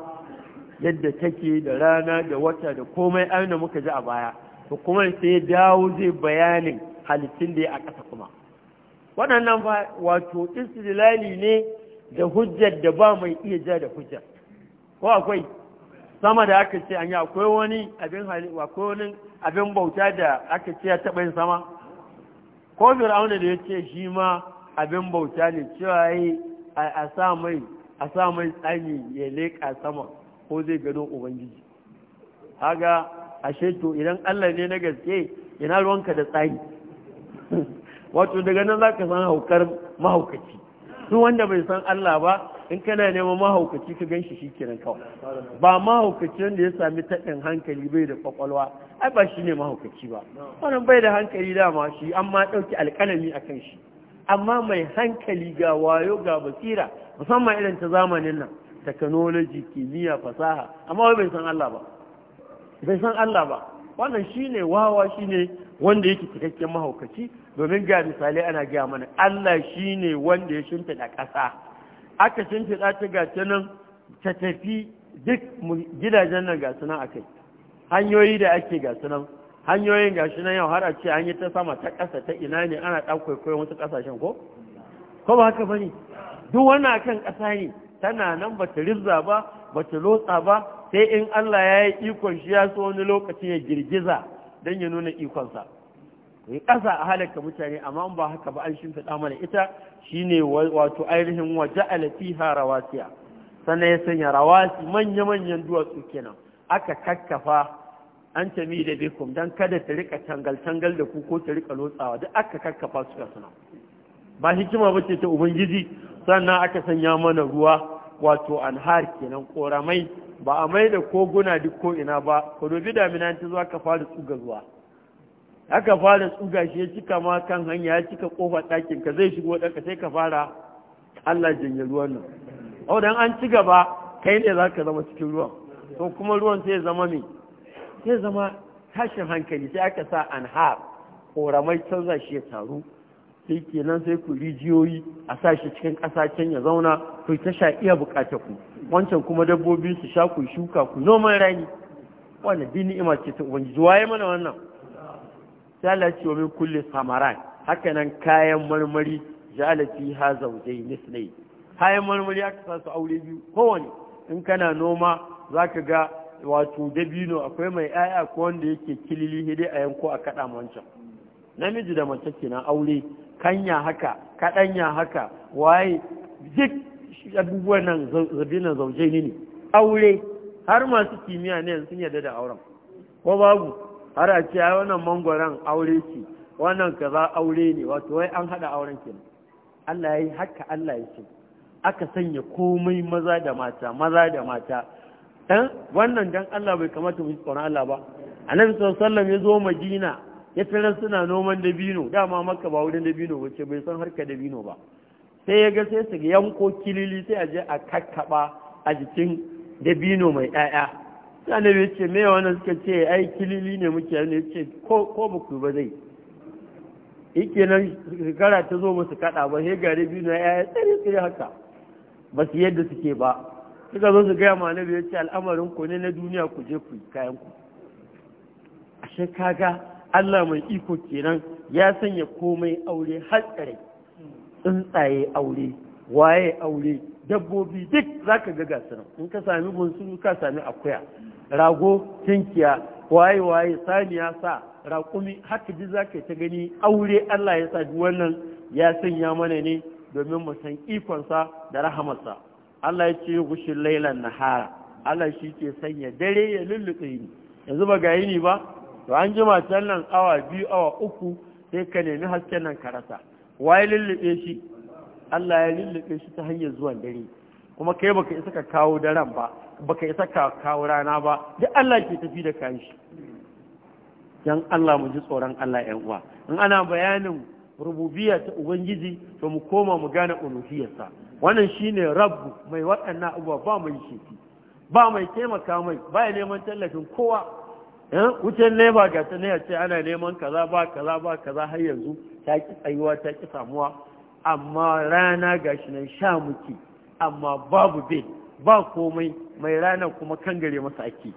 yadda take da rana da wata da komai ayin muka ji a baya to kuma sai ya dawo zai bayanin halittun da ya a ƙasa kuma waɗannan wato istilali ne da hujjar da ba mai iya ja da hujjar ko akwai sama da aka ce an yi akwai wani abin akwai wani abin bauta da aka ce ya taɓa yin sama ko fir'auna da ya ce shi ma abin bauta ne cewa yi a sa mai a sa tsani ya leƙa sama ko zai gano ubangiji haga ashe to idan Allah ne na gaske ina ruwanka da tsani wato daga nan za ka san haukar mahaukaci duk wanda bai san Allah ba in kana neman mahaukaci ka ganshi shi kenan kawai ba mahaukaci wanda ya sami taɗin hankali bai da kwakwalwa ai ba shi ne mahaukaci ba wannan bai da hankali dama shi amma ɗauki alƙalami akan shi amma mai hankali ga wayo ga basira musamman irin ta zamanin nan technology kimiyya fasaha amma bai san Allah ba bai san Allah ba wannan shine wawa shine wanda yake cikakken mahaukaci domin ga misali ana gaya mana Allah shi ne wanda ya shimfiɗa ƙasa aka shimfiɗa ta gace nan ta tafi duk gidajen nan gasu nan akai hanyoyi da ake gasu nan hanyoyin gashi nan yau har a ce an yi ta sama ta ƙasa ta ina ne ana ɗan kwaikwayon wasu ƙasashen ko ko ba haka bane duk wannan akan ƙasa ne tana nan ba ta rizza ba ba ta lotsa ba sai in Allah ya yi ikon shi ya so wani lokaci ya girgiza don ya nuna ikonsa ku yi ƙasa a halaka mutane amma ba haka ba an shimfiɗa mana ita shi ne wato ainihin waje alafiha rawasiya sannan ya sanya rawasi manya-manyan duwatsu kenan aka kakkafa an tami da bekum don kada ta rika tangal-tangal da ku ko ta rika lotsawa duk aka kakkafa su suna ba hikima ba ce ta ubangiji sannan aka sanya mana ruwa wato anhar kenan ƙoramai ba a mai da koguna duk ko ina ba ku dubi damina ta zuwa ka fara tsuga zuwa aka fara tsuga shi ya cika ma kan hanya ya cika kofar ɗakin ka zai shigo ɗanka sai ka fara Allah janye ruwan nan au dan an ci gaba kai ne za ka zama cikin ruwan to kuma ruwan sai zama me sai zama tashin hankali sai aka sa anhar ƙoramai canza shi ya taru sai kenan sai ku rijiyoyi a sa shi cikin ƙasa can ya zauna ku ta sha iya buƙatar ku wancan kuma dabbobin su sha ku shuka ku noman rani wanda bi ni'ima ce ta ubangiji waye mana wannan sai Allah ce wa min kulli samaran haka nan kayan marmari ja'ala fiha zawjayn nisnai kayan marmari aka sa su aure biyu kowane in kana noma zaka ga wato dabino akwai mai ƴaƴa ko wanda yake kilili hidai a yanko a kaɗa wancan namiji da mace kenan aure kanya haka kaɗanya haka waye duk abubuwan nan zabinan zauje ne aure har masu kimiyya ne sun yarda da auren ko babu har a ce wannan mangwaron aure ce wannan kaza aure ne wato wai an haɗa auren kenan Allah ya yi haka Allah ya ce aka sanya komai maza da mata maza da mata dan wannan dan Allah bai kamata mu yi tsoron Allah ba annabi sallallahu alaihi wasallam ya zo Madina ya tarar suna noman dabino dama maka ba wurin dabino wace bai san harka dabino ba sai ya ga sai su yanko kilili sai a je a kakkaba a jikin dabino mai ɗaya sai bai ce me wannan suka ce ai kilili ne muke ne ce ko ba zai yake nan shekara ta zo musu kaɗa ba sai ga dabino ya tsari tsare haka ba su yadda suke ba suka zo su gaya ma na ya ce al'amarin ku ne na duniya ku je ku kayan ku ashe kaga Allah mai iko kenan ya sanya komai aure har tsare tsuntsaye aure waye aure dabbobi duk zaka ga gasu nan in ka sami bunsuru ka sami akuya rago tinkiya waye waye saniya sa raƙumi haka ji zaka ta gani aure Allah ya sa wannan ya sanya mana ne domin mu san sa da rahamarsa Allah ya ce gushin lailan nahara Allah shi ke sanya dare ya lulluɓe ni yanzu ba ga yini ba to an jima can nan awa biyu awa uku sai ka nemi hasken nan ka rasa ya lullube shi Allah ya lullube shi ta hanyar zuwan dare kuma kai baka isa ka kawo daren ba baka isa ka kawo rana ba duk Allah ke tafi da kayan shi dan Allah mu ji tsoron Allah ɗan uwa in ana bayanin rububiyya ta ubangiji to mu koma mu gane uluhiyarsa wannan shine rabbu mai waɗannan abubuwa ba mai shi ba mai taimaka mai ba neman tallafin kowa Eh, wucin ba ga ta ne a ce ana neman kaza ba kaza ba kaza har yanzu ta ki tsayuwa ta ki samuwa amma rana ga shi nan sha muke amma babu bai ba komai mai rana kuma kan gare masa ake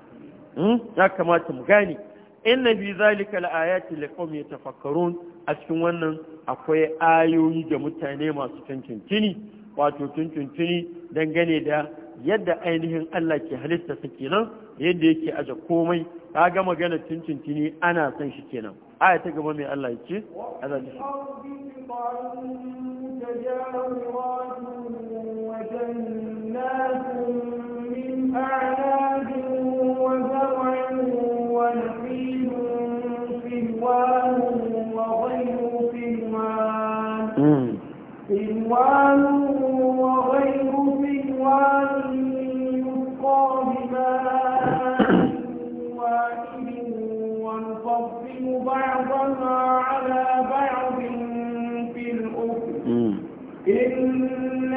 hmm? ya kamata mu gane inna bi zalika laayatin liqawmi yatafakkarun a cikin wannan akwai ayoyi da mutane masu tuntuntuni wato tuntuntuni dangane da yadda ainihin Allah ke halitta su kenan yadda yake aje komai ka ga magana tuntuntuni ana son shi kenan aya ta gaba mai Allah yake azan shi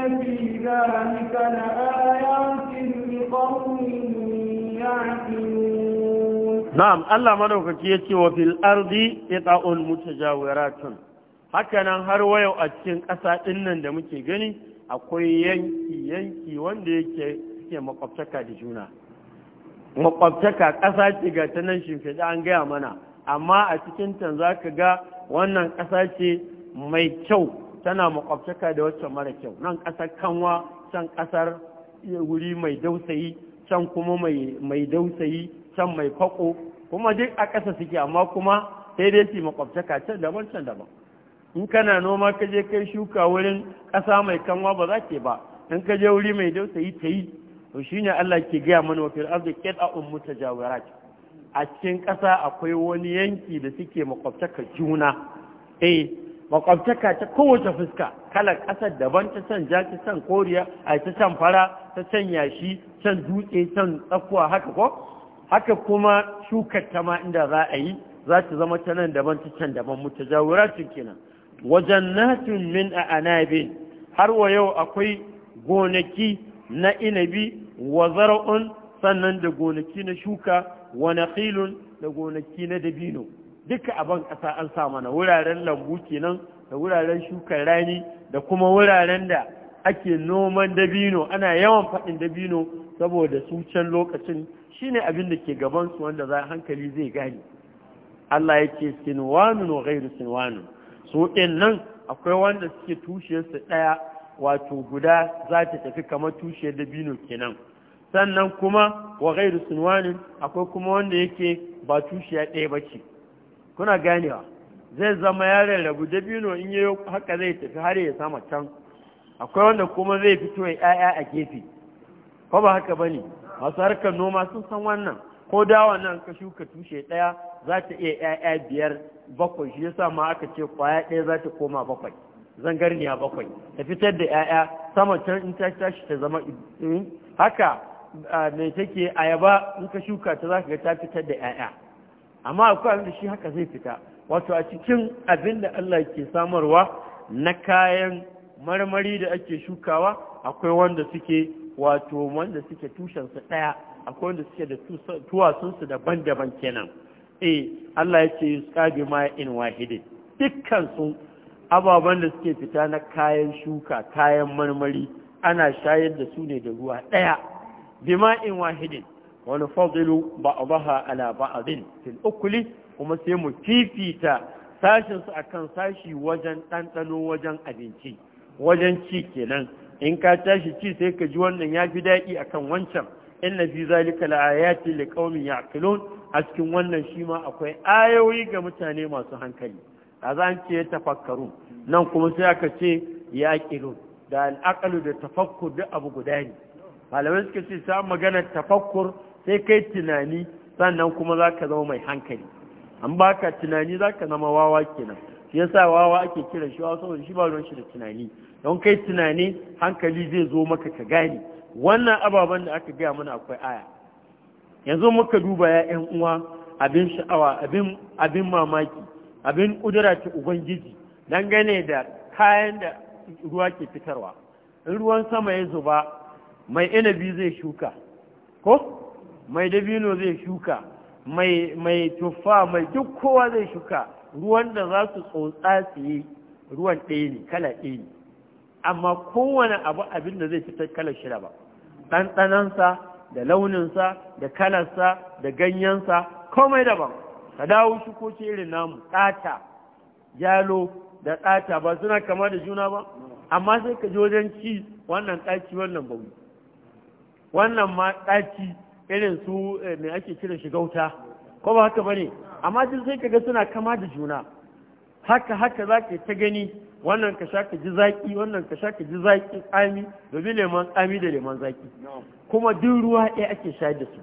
في ذلك ya ce wa نعم الله مدوكك يتي وفي الأرض har wayau a cikin ƙasa ɗinnan da muke gani akwai yanki yanki wanda yake suke makwabtaka da juna makwabtaka ƙasa ce ga ta nan shimfiɗa an gaya mana amma a cikin can za ka ga wannan ƙasa ce mai kyau tana makwabtaka da wacce mara kyau nan ƙasar kanwa can ƙasar wuri mai dausayi can kuma mai dausayi can mai fako kuma duk a ƙasa suke amma kuma sai dai su makwabtaka can daban can daban in kana noma ka je kai shuka wurin ƙasa mai kanwa ba za ke ba in ka je wuri mai dausayi ta yi to shine Allah ke gaya mana wa fil a ummu mutajawirat a cikin ƙasa akwai wani yanki da suke makwabtaka juna eh makwabtaka ta kowace fuska kalar ƙasar daban ta can ja ta can koriya a ta can fara ta can yashi can dutse can tsakuwa haka ko haka kuma shukar ta ma inda za a yi za ta zama ta nan daban ta can daban mu ta mutajawiratin kenan wajen natin min a anabin har wa yau akwai gonaki na inabi wa zara'un sannan da gonaki na shuka wa nakhilun da gonaki na dabino duka a ban ƙasa an sa mana wuraren lambu kenan da wuraren shukar rani da kuma wuraren da ake noman dabino ana yawan faɗin dabino saboda su can lokacin shi ne abin da ke gabansu wanda za hankali zai gane Allah ya ce sinwanun no gairu sinwanun su ɗin nan akwai wanda suke tushiyarsu ɗaya wato guda za ta tafi kamar tushe dabino kenan sannan kuma wa gairu sinwanin akwai kuma wanda yake ba tushe ɗaya ba ce kuna ganewa zai zama yaren rabu dabino in yi haka zai tafi har ya sama can akwai wanda kuma zai fito ya ƴaƴa a gefe ko ba haka bane masu harkar noma sun san wannan ko dawa nan ka shuka tushe ɗaya za ta iya ƴaƴa biyar bakwai shi yasa ma aka ce kwaya ɗaya za ta koma bakwai zangarniya bakwai ta fitar da ƴaƴa sama can in ta tashi ta zama eh, haka ah, mai take ayaba in ka shuka ta za ka ga ta fitar da ƴaƴa amma akwai abin da shi haka zai fita wato a cikin abin da Allah ke samarwa na kayan marmari da ake shukawa akwai wanda suke wato wanda suke tushensu ɗaya akwai wanda suke da tuwasunsu daban-daban kenan eh Allah ya ce yusqabi ma in wahidin dukkan su ababen da suke fita na kayan shuka kayan marmari ana shayar da su ne da ruwa ɗaya bima in wahidin wani fadilu ba'daha ala ba'din fil ukuli kuma sai mu fifita sashin su akan sashi wajen ɗanɗano wajen abinci wajen ci kenan in ka tashi ci sai ka ji wannan ya fi daɗi akan wancan In na fi zalika la'ayati ya ya'qilun a cikin wannan shi ma akwai ayoyi ga mutane masu hankali a za an ce tafakkaru nan kuma sai aka ce ya'qilun da al'aqalu da tafakkur duk abu guda ne malamai suka ce sa magana tafakkur sai kai tunani sannan kuma za ka zama mai hankali an ba ka tunani za ka zama wawa kenan shi yasa wawa ake kira shi wawa saboda shi ba ruwan shi da tunani don kai tunani hankali zai zo maka ka gane wannan ababen da aka gaya mana akwai aya yanzu muka duba ya yan uwa abin sha'awa abin mamaki abin kudura ta ubangiji dangane da kayan da ruwa ke fitarwa in ruwan sama ya zuba mai inabi zai shuka ko mai dabino zai shuka mai tuffa mai duk kowa zai shuka ruwan da za su tsotsa tsiye ruwan ɗaya ne kala ɗaya ne amma kowane abu abin da zai fitar kalar shida ba ɗanɗanansa da launinsa da kalarsa da ganyensa komai daban ka dawo shukoki irin namu ɗata yalo da ɗata ba suna kama da juna ba amma sai ka wajen ci wannan ɗaci wannan bauri wannan ma ɗaci irin su eh, mai ake kiran shi wuta ko ba haka bane amma duk sai kaga suna kama da juna haka haka zaka ta gani wannan ka sha ka ji zaki wannan ka sha ka ji zaki tsami domin leman ami da leman zaki kuma duk ruwa ɗaya ake sha da su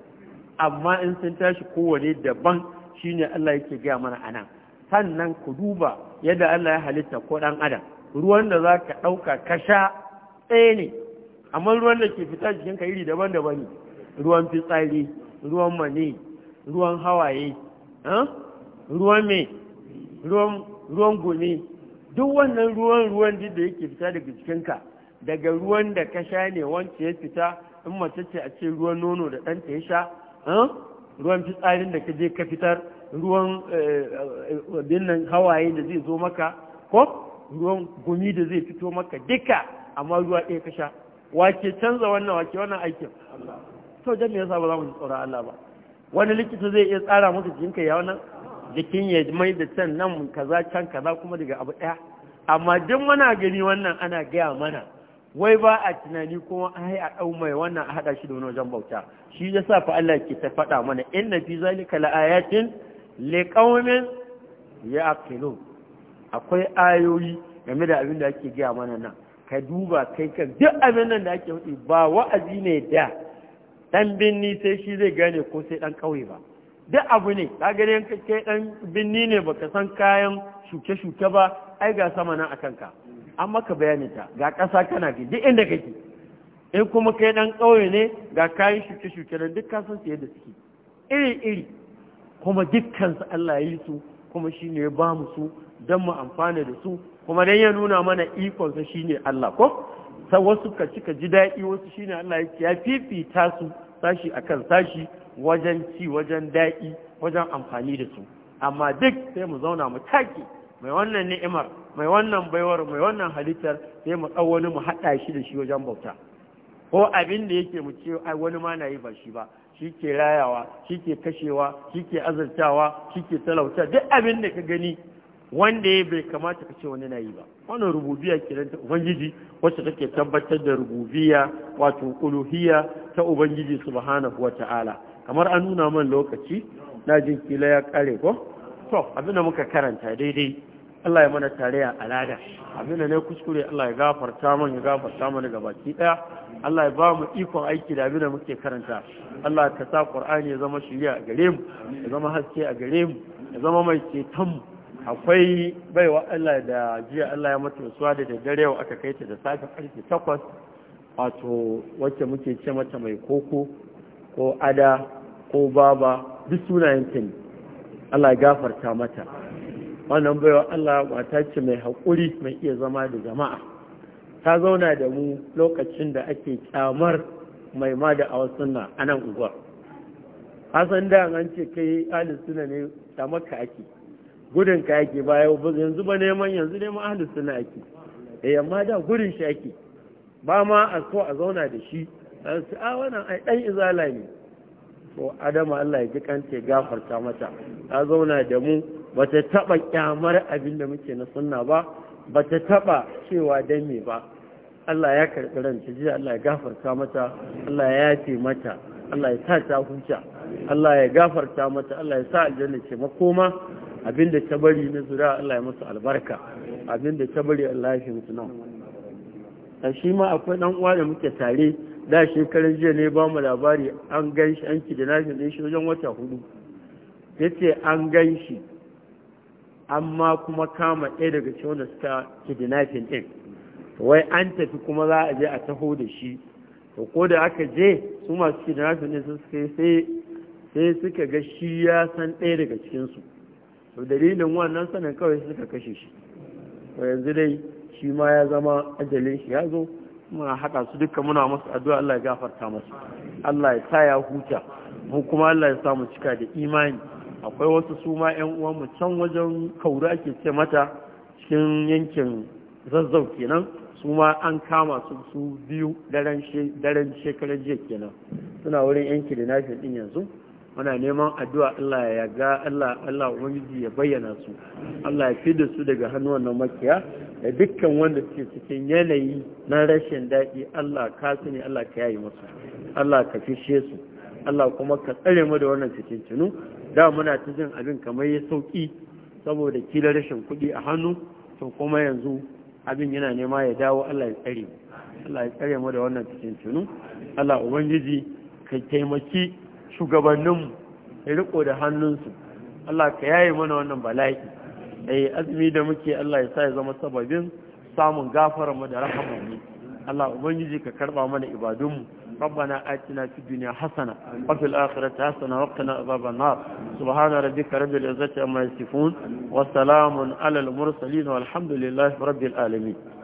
amma in sun tashi kowane daban shine Allah yake gaya mana anan sannan ku duba yadda Allah ya halitta ko dan adam ruwan da za ka ɗauka ka sha ɗaya ne amma ruwan da ke fita jikinka iri daban-daban ne ruwan fitsari ruwan mani ruwan hawaye ruwan mai ruwan gumi duk wannan ruwan ruwan duk da yake fita daga cikinka daga ruwan da ka sha ne wance ya fita in mace ce a ce ruwan nono da ɗanta ya sha ruwan fitsarin da ka je ka fitar ruwan eh, eh, binnan hawaye da zai zo maka ko ruwan gumi da zai fito maka duka amma ruwa ɗaya ka sha wake canza wannan wake wannan aikin to dan me yasa ba za mu Allah ba wani likita zai iya tsara musu jinka ya wannan jikin ya mai da can nan kaza can kaza kuma daga abu ɗaya amma duk muna gani wannan ana gaya mana wai ba a tunani kuma ai a ɗau mai wannan a haɗa shi da wani wajen bauta shi ya sa fa Allah ke ta faɗa mana inna fi zalika la'ayatin liqaumin ya'qilun akwai ayoyi game da abin da ake gaya mana nan ka duba kai kan duk abin nan da ake faɗi ba wa'azi ne da ɗan binni sai shi zai gane ko sai ɗan kauye ba duk abu ne ka gani yanka ɗan binni ne baka san kayan shuke-shuke ba ai ga sama nan a ka an maka bayani ta ga ƙasa kana ji duk inda kake in kuma kai dan kauye ne ga kayan shuke-shuke nan duk kasan su yadda suke iri-iri kuma su Allah ya yi su kuma shi ne ya ba mu su don mu amfana da su kuma dan ya nuna mana ikonsa shi ne Allah ko sa wasu ka cika ji daɗi wasu shine Allah ya fifita su sashi akan sashi wajen ci wajen daɗi wajen amfani da su amma duk sai mu zauna mu take mai wannan ni'imar mai wannan baiwar mai wannan halittar sai mu ɗau wani mu haɗa shi da shi wajen bauta ko abin da yake mu ce ai wani ma na yi ba shi ba shi ke rayawa shi ke kashewa shi ke azurtawa shi ke talauta duk abin da ka gani wanda ya bai kamata ka ce wani na yi ba wani rububiya kiran ta ubangiji wacce take tabbatar da rububiya wato uluhiyya ta ubangiji subhanahu wata'ala kamar an nuna man lokaci na jin kila ya kare ko to abin da muka karanta daidai Allah ya mana tare a alada abin da ne kuskure Allah ya gafarta man ya gafarta mana gabaki daya Allah ya ba mu ikon aiki da abin da muke karanta Allah ka sa Qur'ani ya zama shiriya a gare mu ya zama haske a gare mu ya zama mai ceton mu akwai baiwa Allah da jiya Allah ya mata suwa da daddare wa aka kai ta da safe karfe takwas wato wacce muke ce mata mai koko ko ada ko baba duk sunayen ta ne Allah ya gafarta mata wannan baiwa Allah mata ce mai haƙuri mai iya zama da jama'a ta zauna da mu lokacin da ake kyamar mai ma da awa sunna a nan hasan da an ce kai ahli ne da maka ake gudun ka yake ba yau yanzu ba neman yanzu neman ahli sunna ake eh amma da gudun shi ake ba ma a so a zauna da shi a su a ah, wannan ai dan izala ne to adama Allah ya ji kanta ya gafarta mata ta zauna da mu ba ta taba kyamar abin da muke na sunna ba ba ta taba cewa dan me ba Allah ya karɓi ranta jiya Allah ya gafarta mata Allah ya yafe mata Allah ya sa ta huta Allah ya gafarta mata Allah ya sa aljanna ce makoma abinda ta bari na zura Allah ya musu albarka abinda ta bari Allah ya shi musu nan a shi ma akwai dan uwa da muke tare da shekaran jiya ne ba mu labari an gan shi an da nashi da shi wajen wata hudu ce an gan shi amma kuma kama ɗaya daga cikin wanda suka kidnapping ɗin wai an tafi kuma za a je a taho da shi to ko da aka je su masu kidnapping din sun sai sai suka ga shi ya san ɗaya daga cikinsu to dalilin wannan sanin kawai suka kashe shi to yanzu dai shi ma ya zama ajalin shi ya zo muna haka su duka muna masu addu'a Allah ya gafarta masu Allah ya ya huta mu kuma Allah ya sa mu cika da imani akwai wasu su ma ƴan mu can wajen kauru ake ce mata cikin yankin zazzau kenan su ma an kama su su biyu daren shekarar jiya kenan suna wurin yankin da nafi din yanzu muna neman addu'a Allah ya ga Allah Allah ubangiji ya bayyana su Allah ya da su daga hannun wannan makiya da dukkan wanda suke cikin yanayi na rashin daɗi Allah ka su ne Allah ka yayi musu Allah ka fishe su Allah kuma ka tsare mu da wannan cikin tunu da muna ta jin abin kamar ya sauki saboda kila rashin kuɗi a hannu to kuma yanzu abin yana nema ya dawo Allah ya tsare mu Allah ya tsare mu da wannan cikin tunu Allah ubangiji ka taimaki shugabanninmu ya riko da hannunsu Allah ka yaye mana wannan bala'i eh azumi da muke Allah ya sa ya zama sababin samun gafara mu da rahama ne Allah ubangiji ka karba mana ibadunmu ربنا آتنا في الدنيا حسنة وفي الآخرة حسنة وقنا عذاب النار سبحان ربك رب العزة عما يصفون وسلام على المرسلين والحمد لله رب العالمين